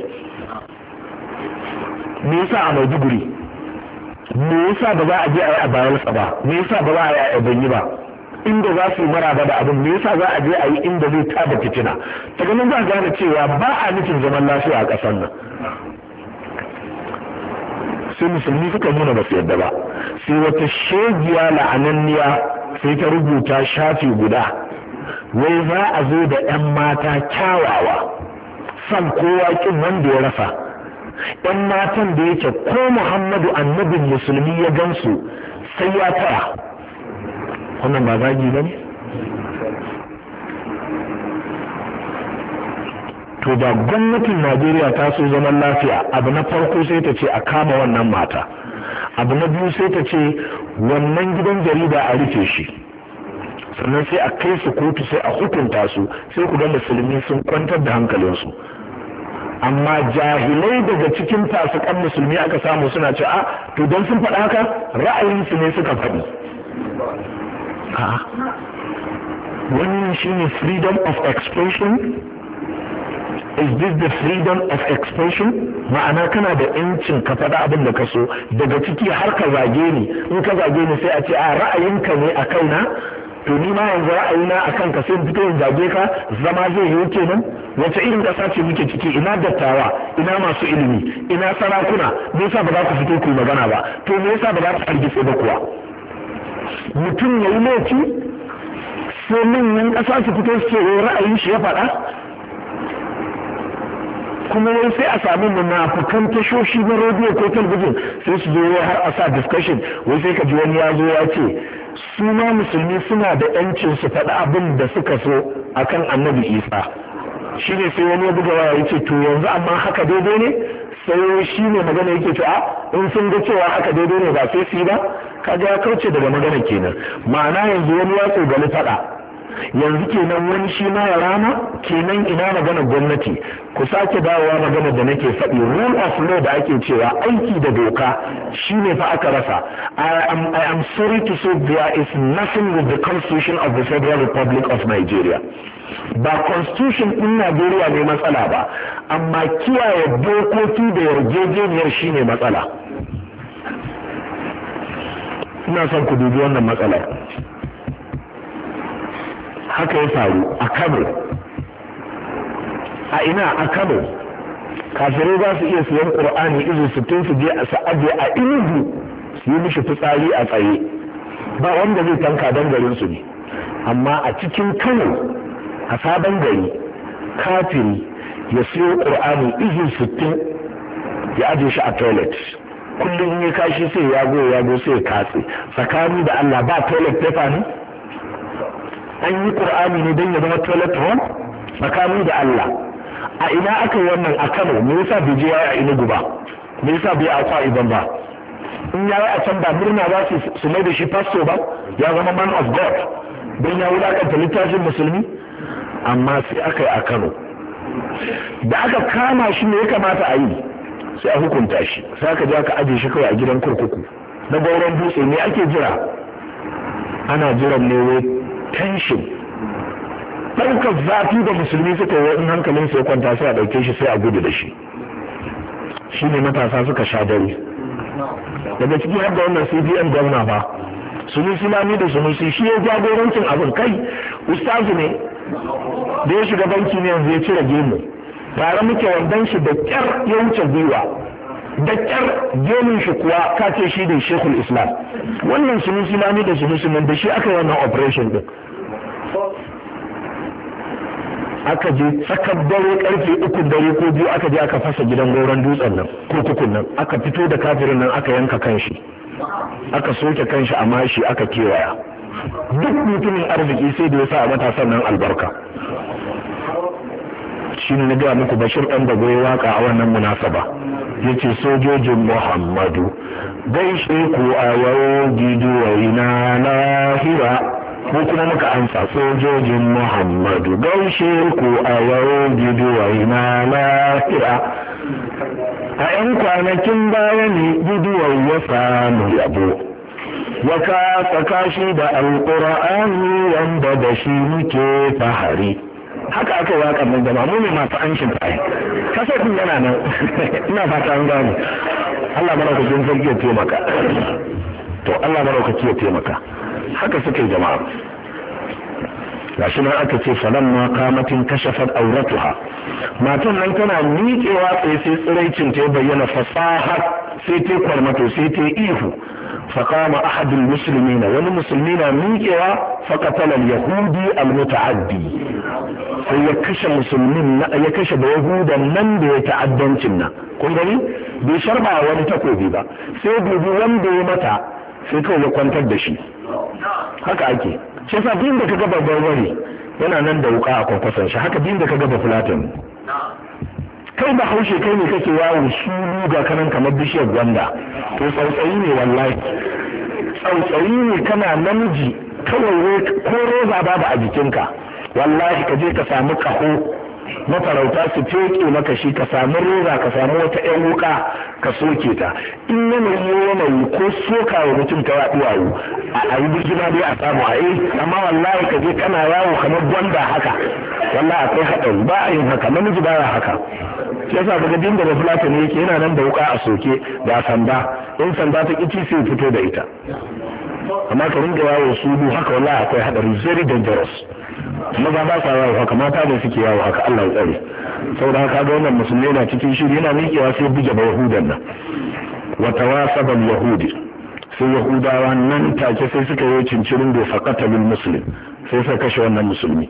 me yasa a maiduguri me yasa ba za a je a yi a bayansa ba me yasa ba za a yi a yi ba inda za su maraba da abin me yasa za a je a yi inda zai taba fitina ta ganin za a gane cewa ba a nufin zaman lafiya a ƙasar nan sai musulmi suka nuna ba su yadda ba sai wata shegiya la'ananniya sai ta rubuta shafi guda wai za a zo da 'yan mata kyawawa san kowa ƙin wanda ya rasa ɗan matan da yake ko muhammadu annabin musulmi ya gansu sai ya tara wannan ba zagi ba ne to da gwamnatin najeriya ta so zaman lafiya abu na farko sai ta ce a kama wannan mata abu na biyu sai ta ce wannan gidan jarida a rufe shi sannan sai a kai su kotu sai a hukunta su sai ku ga musulmi sun kwantar da hankalinsu amma jahilai daga cikin fasikan musulmi aka samu suna ce a ah, to don sun faɗa haka ra'ayinsu ne suka faɗi wannan shine freedom of expression is this the freedom of expression ma'ana kana da yancin ka faɗa abin da ka so daga ciki har ka zage ni in ka zage ni sai a ce a ah, ra'ayinka ne a kaina to ni ma yanzu ra'ayina a kanka sai fito in zage ka zama zai yi nan wace irin ƙasa ce muke ciki ina dattawa ina masu ilimi ina sarakuna me yasa ba za ku fito ku yi magana ba to me yasa ba za ku sai ba kuwa mutum ya yi laifi sai manyan ƙasa su fito su ce eh, ra'ayin shi ya faɗa kuma wai sai a sami munafukan tashoshi na rediyo ko talabijin sai su zo har a sa discussion wai sai ka ji wani ya zo ya ce suna musulmi suna da yancin su faɗi abin da suka so a kan annabi isa shi ne sai wani buga waya ya ce to yanzu amma haka daidai ne sai shi ne magana yake to a ah, in sun ga cewa haka daidai ne ba sai su yi ba kaga ya kauce daga magana kenan ma'ana yanzu wani ya tsogani faɗa yanzu kenan wani shi ma ya rama kenan ina magana gwamnati ku sake dawowa magana da nake faɗi rule of law da ake cewa aiki da doka shine fa aka rasa I am, sorry to say there is nothing with the constitution of the Federal Republic of Nigeria ba constitution ɗin Najeriya ne matsala ba amma kiyaye dokoki da yarjejeniyar shine matsala ina son ku dubi wannan matsalar haka ya faru a kano a ina a kano kafirai za su iya siyan ƙur'ani izu tun su je su ajiye a inugu su yi mishi fitsari a tsaye ba wanda zai tanka don garin su ne amma a cikin kano a sabon gari kafin ya siyo ƙur'ani izu tun ya ajiye shi a toilet kullum in ya kashi sai ya goya ya go sai ya katse tsakani da allah ba toilet paper ne an yi ƙur'ani ne don ya zama toilet home tsakani da Allah a ina aka yi wannan a Kano me yasa bai je yayi a Enugu ba me yasa bai a Akwa Ibom ba in yayi a can ba murna za su su mai da shi pastor ba ya zama man of God don ya wulakanta littafin musulmi amma sai aka yi a Kano da aka kama shi ne ya kamata a yi sai a hukunta shi sai aka je aka aje shi kawai a gidan kurkuku na gauran dutse ne ake jira ana jiran ne wai tension ɗaukar zafi da musulmi suka yi in hankalin sai kwanta sai a ɗauke shi sai a gudu da shi shi ne matasa suka sha dare daga cikin har wannan cbn gwamna ba sunusi lami da sunusi shi ya jagorancin abin kai ustazu ne da ya shiga banki ne yanzu ya cire gemu tare muke wandan shi da kyar ya wuce gwiwa da kyar gemun shi kuwa kace shi da shekul islam wannan sunusi lami da sunusi nan da shi aka yi wannan operation din aka je tsakar dare karfe uku dare ko biyu aka je aka fasa gidan goron dutsen nan kurkukun nan aka fito da kafirin nan aka yanka kanshi aka soke kanshi a mashi aka kewaya duk mutumin arziki sai da ya sa a matasan nan albarka shi ne na gaya muku bashir ɗan da goyi waka a wannan munasaba ya ce sojojin muhammadu gaishe ku a yau giduwa na lahira kuma muka amsa sojojin muhammadu gaushe ku a yau giduwai na lafiya a 'yan kwanakin baya ne giduwai ya samu yabo ya kasa kashi da alƙur'ani wanda da shi muke fahari haka aka yi waƙar nan jama'a mu ne masu shi fayi kasafin yana nan ina fata an gane Allah maraukakin sarki ya taimaka to Allah maraukakin ya taimaka haka suke jama'a ga shi aka ce falon ma kamatin kashafar auratuha matan nan tana miƙewa tsaye sai tsiraicin ta ya bayyana fasaha sai ta kwarmato sai ta ihu faƙama ahadin musulmi na wani musulmi na miƙewa fakatalar yahudi almuta'addi sai ya kashe musulmin na ya kashe da yahudan nan da ya ta'addancin nan kun gani bai sharba wani takobi ba sai dubi wanda ya mata sai kawai ya kwantar da shi haka ake shi sa duk da ka gaba babban yana nan da wuka a kwakwasan shi haka duk da ka gaba ba fulatin kai ba haushe kai ne kake yawo su ga kanan kamar bishiyar gwanda to tsautsayi ne wallahi tsautsayi ne kana namiji kawai ko roza babu a jikinka wallahi ka je ka sami kaho mafarauta su teke maka shi ka samu reza ka samu wata yan wuka ka soke ta in yanayi yanayi ko soka wa mutum ta waɗuwawu a yi birgima dai a samu a yi amma wallahi ka je kana yawo kamar gwanda haka wallahi akwai haɗari ba a yin haka namiji ba haka shi yasa daga dinga da fulata ne yake yana nan da wuka a soke da sanda in sanda ta ƙici sai fito da ita amma ka ringa yawo su haka wallahi akwai haɗari very dangerous maza ba sa yawo haka mata ne suke yawo haka Allah ya tsare saboda haka ga wannan musulmai na cikin shiri yana miƙewa sai buge ba yahudan nan wa tawasabal yahudi sai yahudawa nan take sai suka yi cincirin da lil muslim sai suka kashe wannan musulmi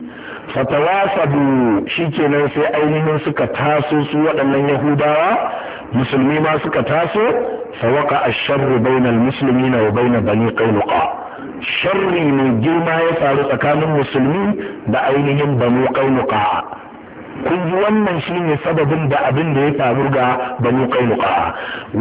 fatawasabu shikenan sai ainihin suka taso su waɗannan yahudawa musulmi ma suka taso ash-sharru bainal muslimina wa bainal bani qainuqa sharri mai girma ya faru tsakanin musulmi da ainihin banu kainuka kun ji wannan shine sababin da abin da ya faru ga banu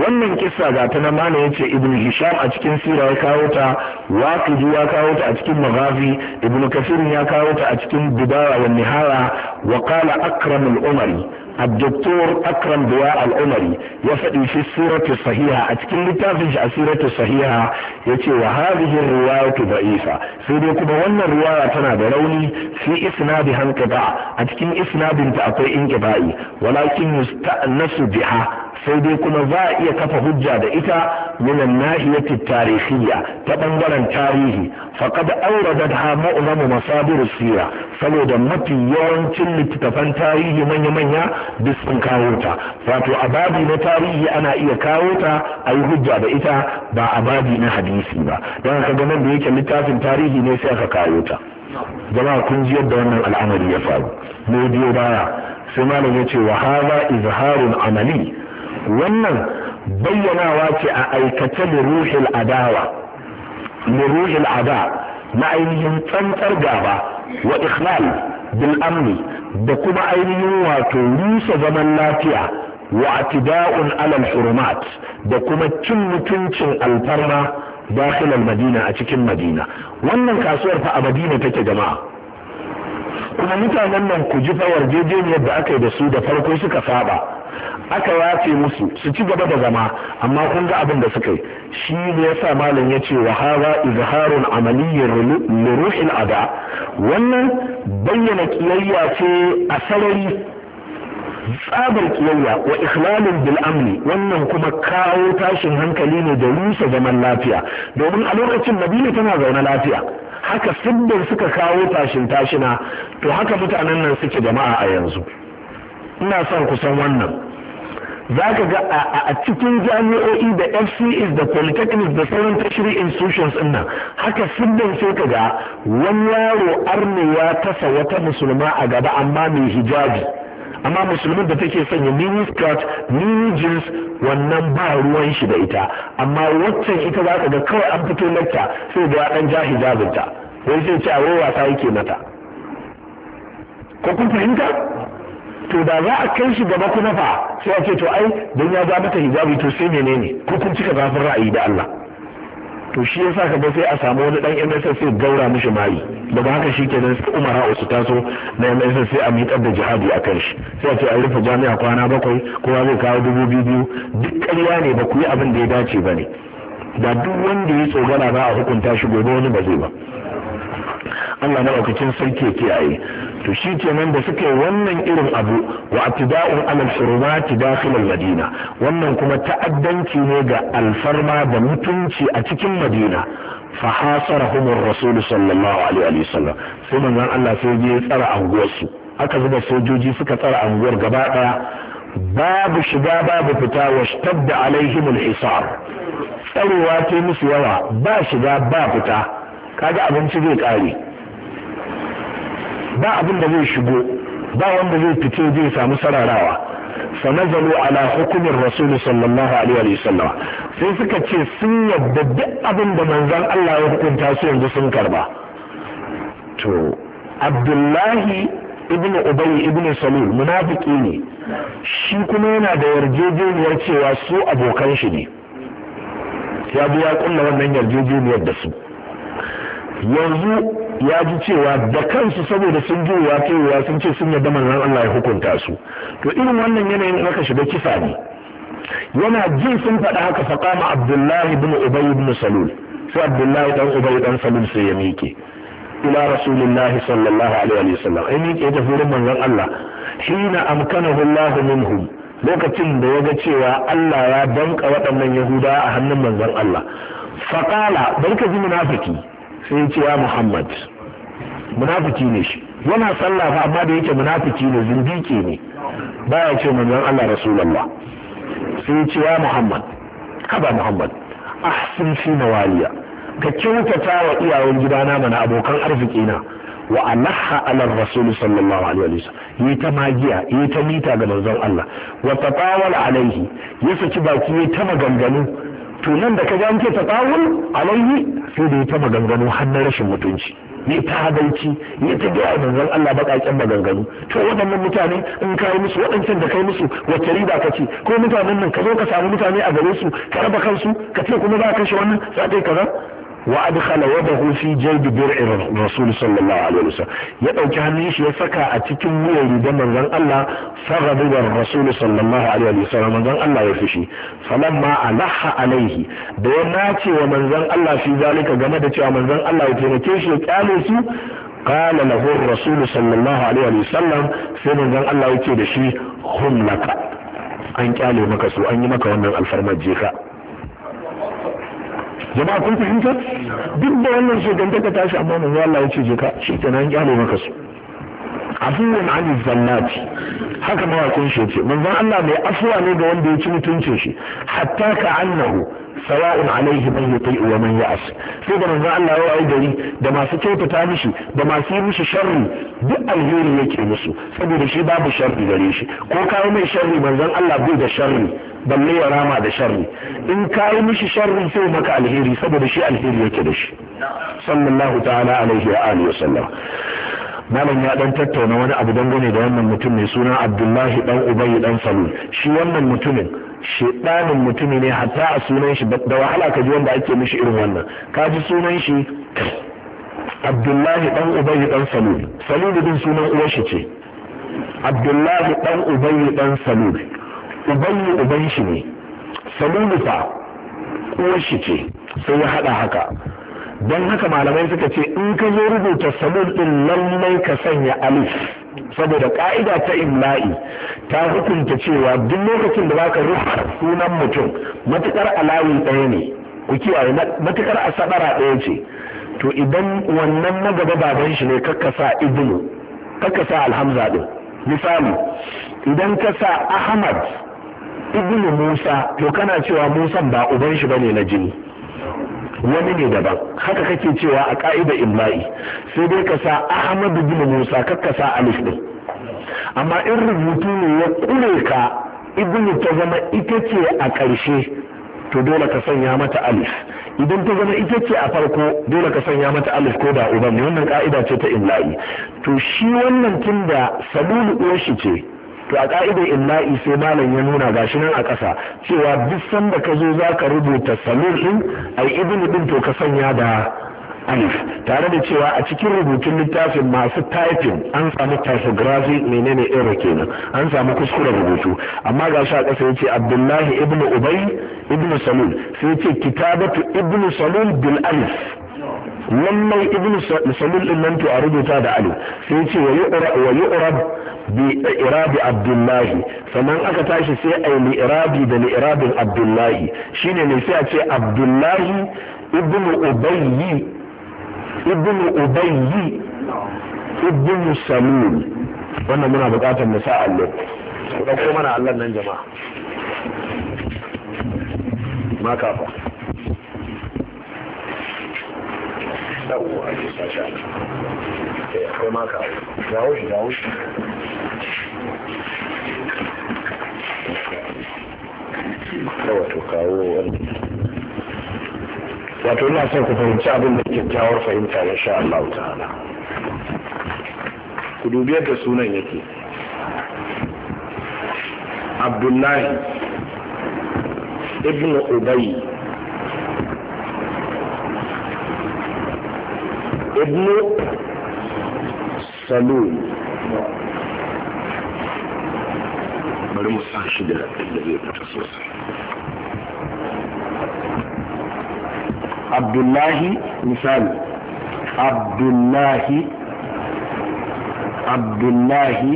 wannan kisa ga ta na ya ce ibn hisham a cikin sira ya kawo ta waqidi ya kawo ta a cikin maghazi ibn kasir ya kawo ta a cikin bidaya wa Nihara, wa qala akram umari الدكتور أكرم دواء العمري يفدي في السيرة الصحيحة أتكلم لتافج السيرة الصحيحة يتي وهذه الرواية ضعيفة سيدي كما وانا الرواية تنادروني في إسنادها انقطاع أتكلم إسناد تأقوي انقطاعي ولكن يستأنس بها sai dai kuma za a iya kafa hujja da ita minan nahiyati tarihiyya ta bangaren tarihi faqad awradatha ma'lamu masadir sira saboda mafi yawancin littattafan tarihi manya manya duk sun kawo ta wato ababi na tarihi ana iya kawo ta ayi hujja da ita ba ababi na hadisi ba don haka ganin da yake littafin tarihi ne sai aka kawo ta jama'a kun ji yadda wannan al'amari ya faru ne biyo baya sai malam ya ce wa izharun amali wannan bayyanawa ce a aikace ruhil adawa liruhil ada na ainihin tsantsar gaba wa ikhlal bil amni da kuma ainihin wato rusa zaman lafiya wa atida'un alal hurumat da kuma cin mutuncin alfarma dakhilal madina a cikin madina wannan kasuwar fa a madina take jama'a kuma mutanen nan ku ji fa yarjejeniyar da aka yi da su da farko suka saba aka yafe musu su ci gaba da zama amma kun ga abin da suka yi shi ne yasa malam ya ce wa haza izharun amaliyyar ruhin ada wannan bayyana kiyayya ce a sarari tsabar kiyayya wa ikhlalin bil amni wannan kuma kawo tashin hankali ne da rusa zaman lafiya domin a lokacin madina tana zaune lafiya haka siddar suka kawo tashin tashina to haka mutanen nan suke jama'a a yanzu ina son kusan wannan za ka ga a cikin jami'o'i da fcs da polytechnics da sauran tertiary institutions ɗin nan haka sun sai ka ga wani yaro arnewa ya tasa wata musulma a gaba amma mai hijabi amma musulmin da take sanya mini skirt mini jeans wannan ba ruwan shi da ita amma waccan ita za ka ga kawai an fito lakta sai da ya ja hijabinta wai sai ce a wai wasa yake mata ko kun fahimta to da za a kai shi gaba kuma fa sai a ce to ai don ya ja mata hijabi to sai menene ko kun cika zafin ra'ayi da Allah to shi yasa ka ga sai a samu wani dan MSS sai gaura mishi mali daga haka shi kenan su umara su taso na MSS sai a miƙar da jihadi a kan shi sai a ce a rufe jami'a kwana bakwai kowa zai kawo dubu biyu biyu duk ƙarya ne ba ku yi abin da ya dace ba ne da duk wanda ya tsogana za a hukunta shi gobe wani ba zai ba Allah na ɗaukacin sarki ya kiyaye to shi kenan da suka yi wannan irin abu wa atida'un alal hurumati dakhil madina wannan kuma ta'addanci ne ga alfarma da mutunci a cikin madina fa hasarahum ar-rasul sallallahu alaihi wa sallam sai manzon Allah sai ya tsara anguwar su aka zuba sojoji suka tsara anguwar gaba daya babu shiga babu fita wa shtadda alaihim al-hisar tsarewa ta musu yawa ba shiga ba fita kaga abinci zai kare ba abin da zai shigo ba wanda zai fito zai samu sararawa fa ala hukumin rasul sallallahu alaihi wa sallam sai suka ce sun yadda duk abin da manzon Allah ya hukunta su yanzu sun karba to abdullahi ibn ubay ibn salul munafiki ne shi kuma yana da yarjejeniyar cewa su abokan shi ne ya bi ya kulla wannan yarjejeniyar da su yanzu ya ji cewa da kansu saboda sun ji wa kaiwa sun ce sun yadda manzon Allah ya hukunta su to irin wannan yanayin aka shiga kisa ne yana jin sun faɗa haka faqama Abdullahi bin Ubay bin Salul sai Abdullahi dan Ubay dan Salul sai ya miƙe ila rasulillahi sallallahu alaihi wa sallam ai miƙe ta furin manzon Allah hina amkanahu Allah minhum lokacin da ya ga cewa Allah ya danka waɗannan Yahuda a hannun manzon Allah faqala barka ji munafiki sai ce ya muhammad munafiki ne shi yana sallah fa amma da yake munafiki ne zindiki ne baya ce manzon Allah rasulullah sai ce ya muhammad kaba muhammad ahsin fi nawaliya ka kyautata wa iyayen gidana mana abokan arziki na wa alaha ala rasul sallallahu alaihi wa sallam. yi ta magiya yi ta mita ga manzon Allah wa tatawala alaihi ya saki baki yi ta maganganu to nan da ka ga an ce tafawul alaihi sai da ya ta maganganu har na rashin mutunci mai ta hadanci ya ta gaya manzon Allah baƙaƙen maganganu to waɗannan mutane in ka yi musu waɗancan da kai musu wacce riba ka ce ko mutanen nan ka zo ka samu mutane a gare su ka raba kansu ka ce kuma za ka kashe wannan za ta yi kaza wa adkhala yadahu fi jaybi bir'i rasul sallallahu alaihi wasallam ya dauki hannun shi ya saka a cikin wuyan rigar manzon Allah faghadiba rasul sallallahu alaihi wasallam manzon Allah ya fushi falamma alaha alaihi da ya nace wa manzon Allah fi zalika game da cewa manzon Allah ya taimake shi ya kyale su قال له الرسول صلى الله عليه وسلم sai manzon Allah yake da shi hum laka an kyale maka su an yi maka wannan alfarmar jeka jama'a kun fahimta duk da wannan shugantaka tashi amma manzo Allah ya ce je ka shi kenan an maka su afuwan an zannati haka mawakin shi ce manzon Allah mai afuwa ne ga wanda ya ci mutuncin shi hatta ka annahu sawa'un alaihi man uwa wa man ya'as sai da manzo Allah ya gari da masu kyautata mishi da masu yi mishi sharri duk alheri yake musu saboda shi babu sharri gare shi ko kai mai sharri manzon Allah bai da sharri balle ya rama da sharri in kai mishi sharri sai maka alheri saboda shi alheri yake da shi sallallahu ta'ala alaihi wa alihi wa sallam malam ya dan tattauna wani abu dangane da wannan mutum mai suna abdullahi dan ubayi dan salul shi wannan mutumin shedanin mutumi ne hatta a sunan shi da wahala ka ji wanda ake mishi irin wannan ka ji sunan shi abdullahi dan ubayi dan salul salul din sunan uwar shi ce abdullahi dan ubayi dan salul ubayi uban shi ne salulu fa uwar shi ce sai ya hada haka don haka malamai suka ce in ka zo rubuta salul din lallai ka sanya alif saboda ka'ida ta imla'i ta hukunta cewa duk lokacin da ka rubuta sunan mutum matukar alawi ɗaya ne ku kiyaye matukar asabara ɗaya ce to idan wannan na gaba baban shi ne sa ibnu sa alhamza din misali idan ka sa ahmad ibnu musa to kana cewa musan ba uban shi bane na jini wani ne daban haka kake cewa a ka'ida imla'i sai dai ka sa ahmadu bin musa kakka sa alif din amma in rubutu ne ya ƙure ka ibnu ta zama ita ce a ƙarshe to dole ka sanya mata alif idan ta zama ita ce a farko dole ka sanya mata alif ko da uban ne wannan ka'ida ce ta imla'i to shi wannan tunda salulu uwar shi ce to a ka'idar imla'i sai malam ya nuna gashi nan a ƙasa cewa duk sanda ka zo za ka rubuta samir ɗin a Ibnu ɗin to ka sanya da alif tare da cewa a cikin rubutun littafin masu typing an samu typography menene ero kenan an samu kuskure rubutu amma ga gashi a ƙasa yace abdullahi ibn Ubai, Ibnu salul sai yace kitabatu ibn salul bil alif lallai ibn salul ɗin nan to a rubuta da alif sai yace wa yu'rab bi abdullahi sannan aka tashi sai a yi li'irabi da li'irabin abdullahi shine ne sai a ce abdullahi ibnu ubayyi ibnu ubayyi ibnu salul wannan muna buƙatar mu sa allo ɗauko mana allon nan jama'a maka fa yawwa maka shi shi wato kawo wani wato ina son ku fahimci abin da fahimta na sha Allah ta'ala ku dubi yadda sunan yake abdullahi ibn ubayi ibn salul bari mu sa shi da abdullahi misali abdullahi abdullahi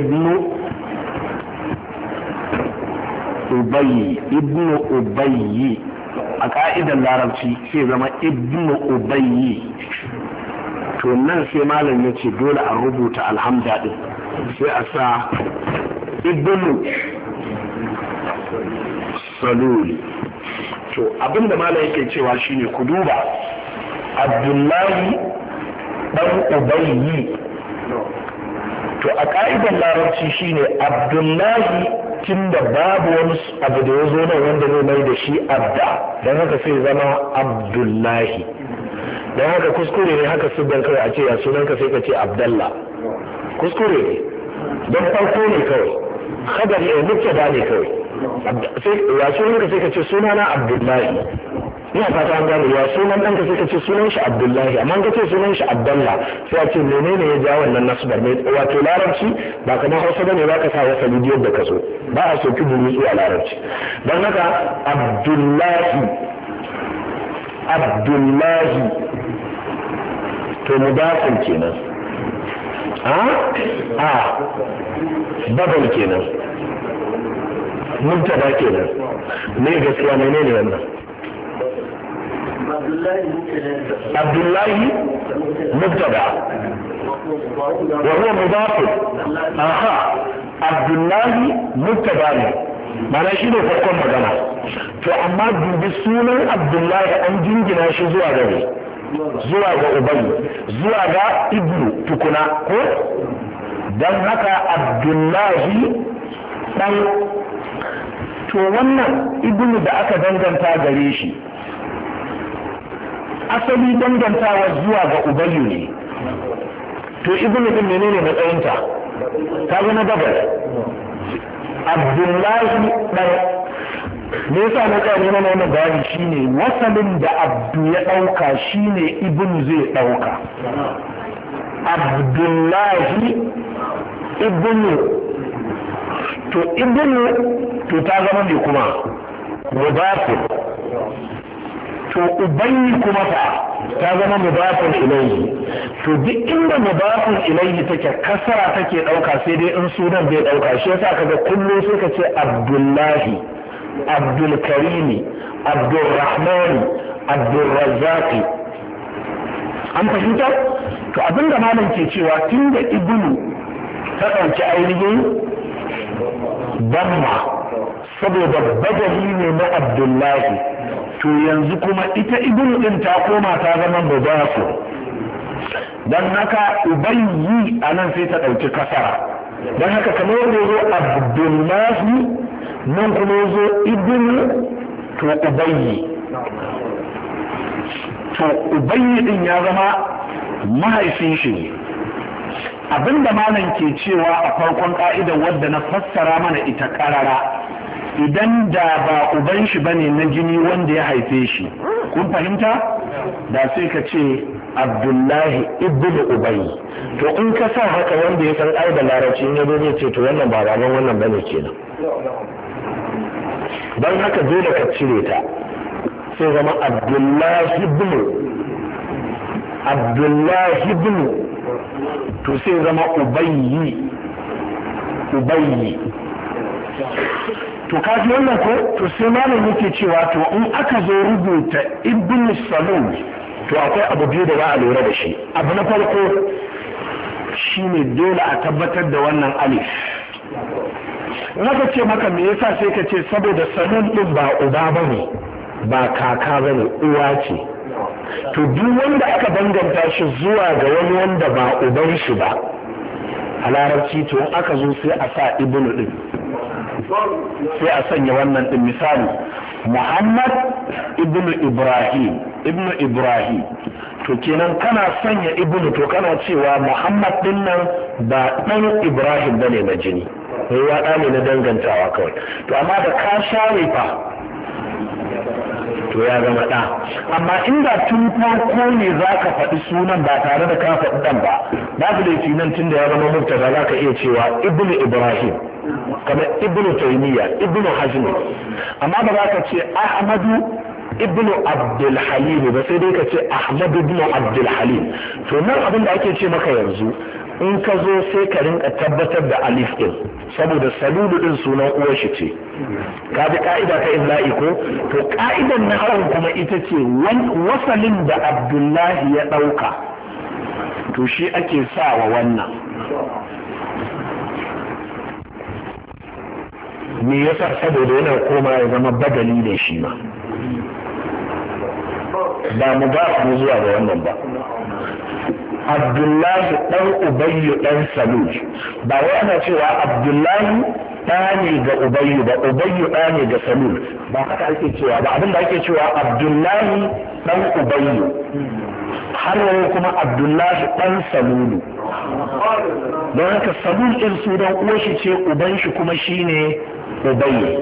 ibnu ubayi ibnu ubayi a ka'idar larabci sai zama ibnu ubayi to nan sai malam ya ce dole a rubuta alhamda din sai a sa ibnu saluli to abinda malam yake cewa shine ku duba abdullahi dan ubayyi to a ka'idar larabci shine abdullahi tun da babu wani abu da ya zo nan wanda zai mai da shi abda don haka sai zama abdullahi don haka kuskure ne haka siddan kawai a ce ya sunanka sai ka ce abdallah kuskure ne don farko ne kawai kada ne mutta da ne kawai ya sunanka sai ka ce sunana abdullahi ina fata an gano ya sunan ka sai ka ce sunan shi abdullahi amma ka ce sunan shi abdallah sai a ce menene ya ja wannan nasbar ne wato larabci ba kamar hausa bane ba ka sa wasa bidiyon da ka so ba a soki burutsu a larabci don haka abdullahi abdullahi to mudafin kenan a a babal kenan mubtada kenan ne gaskiya ne ne wannan abdullahi mubtada wa huwa اها aha Abdullahi mubtada ne mana shi ne farkon magana to amma dubi sunan abdullahi an jingina shi zuwa ne zuwa ga ubayi zuwa ga ibnu tukuna ko don haka abdullahi dan to wannan ibnu da aka danganta gare shi asali dangantawa zuwa ga ubayu ne to ibnu din menene matsayinta ta zama dabar abdullahi dan me yasa na tsaya mana wannan bayani shine wasalin da abdu ya dauka shine ibn zai dauka abdullahi ibn to ibn to ta zama ne kuma mudafin to ubayi kuma fa ta zama mudafin ilayhi to duk inda mudafin ilayhi take kasara take dauka sai dai in sunan bai dauka shi yasa kaga kullum sai ka ce abdullahi abdulkarimi Abdulrahman, abdulrazaki an fahimta to da malam ke cewa tun da ibnu ta ɗauki ainihin damma saboda badali ne na abdullahi to yanzu kuma ita ibnu ɗin ta koma ta zama babasu don haka ubayyi a nan sai ta ɗauki kasara don haka kamar yadda abdullahi nan kuma ya zo ibn to Ubayi. to Ubayi din ya zama mahaifin shi ne abinda malam ke cewa a farkon ka'idar wadda na fassara mana ita karara idan da ba uban shi bane na jini wanda ya haife shi kun fahimta da sai ka ce abdullahi ibn ubayi to in ka sa haka wanda ya san ai da larabci ya zo ce to wannan ba baban wannan bane kenan don haka dole ka cire ta sai zama abdullahi bin abdullahi bin to sai zama ubayyi ubayyi to kaji wannan ko to sai malam yake cewa to in aka zo rubuta ibn salul to akwai abu biyu da za a lura da shi abu na farko shine dole a tabbatar da wannan alif naka ce maka me yasa sai ka ce saboda sanin ɗin ba uba ba ne ba kaka ba ne uwa ce to duk wanda aka banganta shi zuwa ga wani wanda ba uban shi ba a larabci to aka zo sai a sa ibnu ɗin sai a sanya wannan ɗin misali muhammad ibnu ibrahim ibnu ibrahim to kenan kana sanya ibnu to kana cewa muhammad ɗinnan nan ba ɗan ibrahim bane ne na jini ruwa ne na dangantawa kawai to amma da ka share fa to ya zama ɗa amma inda tun farko ne za ka faɗi sunan ba tare da ka faɗi ɗan ba babu laifi nan tun da ya zama murtaza za ka iya cewa ibnu ibrahim kamar ibnu taimiyya ibnu hajmi amma ba za ka ce ahmadu ibnu abdulhalim ba sai dai ka ce ahmadu ibnu abdulhalim to nan abin da ake ce maka yanzu in ka zo sai ka rinka tabbatar da alif ɗin saboda salulu din sunan uwar shi ce ka bi ka'ida ta imla'i ko to ka'idan na hawan kuma ita ce wasalin da abdullahi ya ɗauka to shi ake sa wa wannan me sa saboda yana koma ya zama badali ne shi ma ba mu ba mu zuwa ga wannan ba abdullahi ɗan ubayyu ɗan salut ba wai ana cewa abdullahi ɗa ga ubayyu ba ubayyu ɗa ne ga salut ba haka ake cewa ba abinda ake cewa abdullahi ɗan ubayyu har yau kuma abdullahi ɗan salulu don haka salul ɗin su don uwashi ce uban shi kuma shine ubayy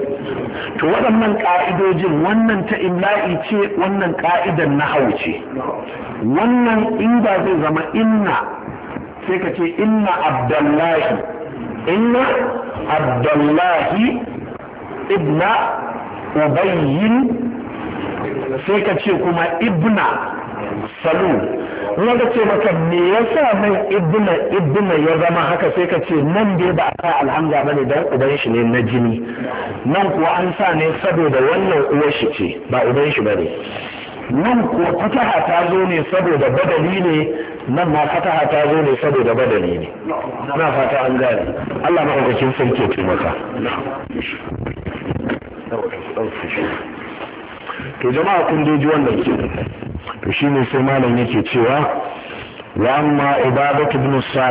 to waɗannan ƙa'idojin wannan ta imla'i ce wannan ƙa'idan na ce wannan inda zai zama inna sai ka ce inna abdullahi inna abdullahi ibna ubayyin sai ka ce kuma ibna salu in ka ce maka me yasa nan ibna ibna ya zama haka sai ka ce nan dai ba a sa alhamza ba ne dan uban shi ne na jini nan kuwa an sa ne saboda wannan uwar shi ce ba uban shi ba ne nan kuwa fataha ta zo ne saboda badali ne nan ma fataha ta zo ne saboda badali ne na fata an gane Allah maɗaukakin sarki ke taimaka to jama'a kun ji wannan ke to shine sai malam yake cewa wa amma ibadatu ibn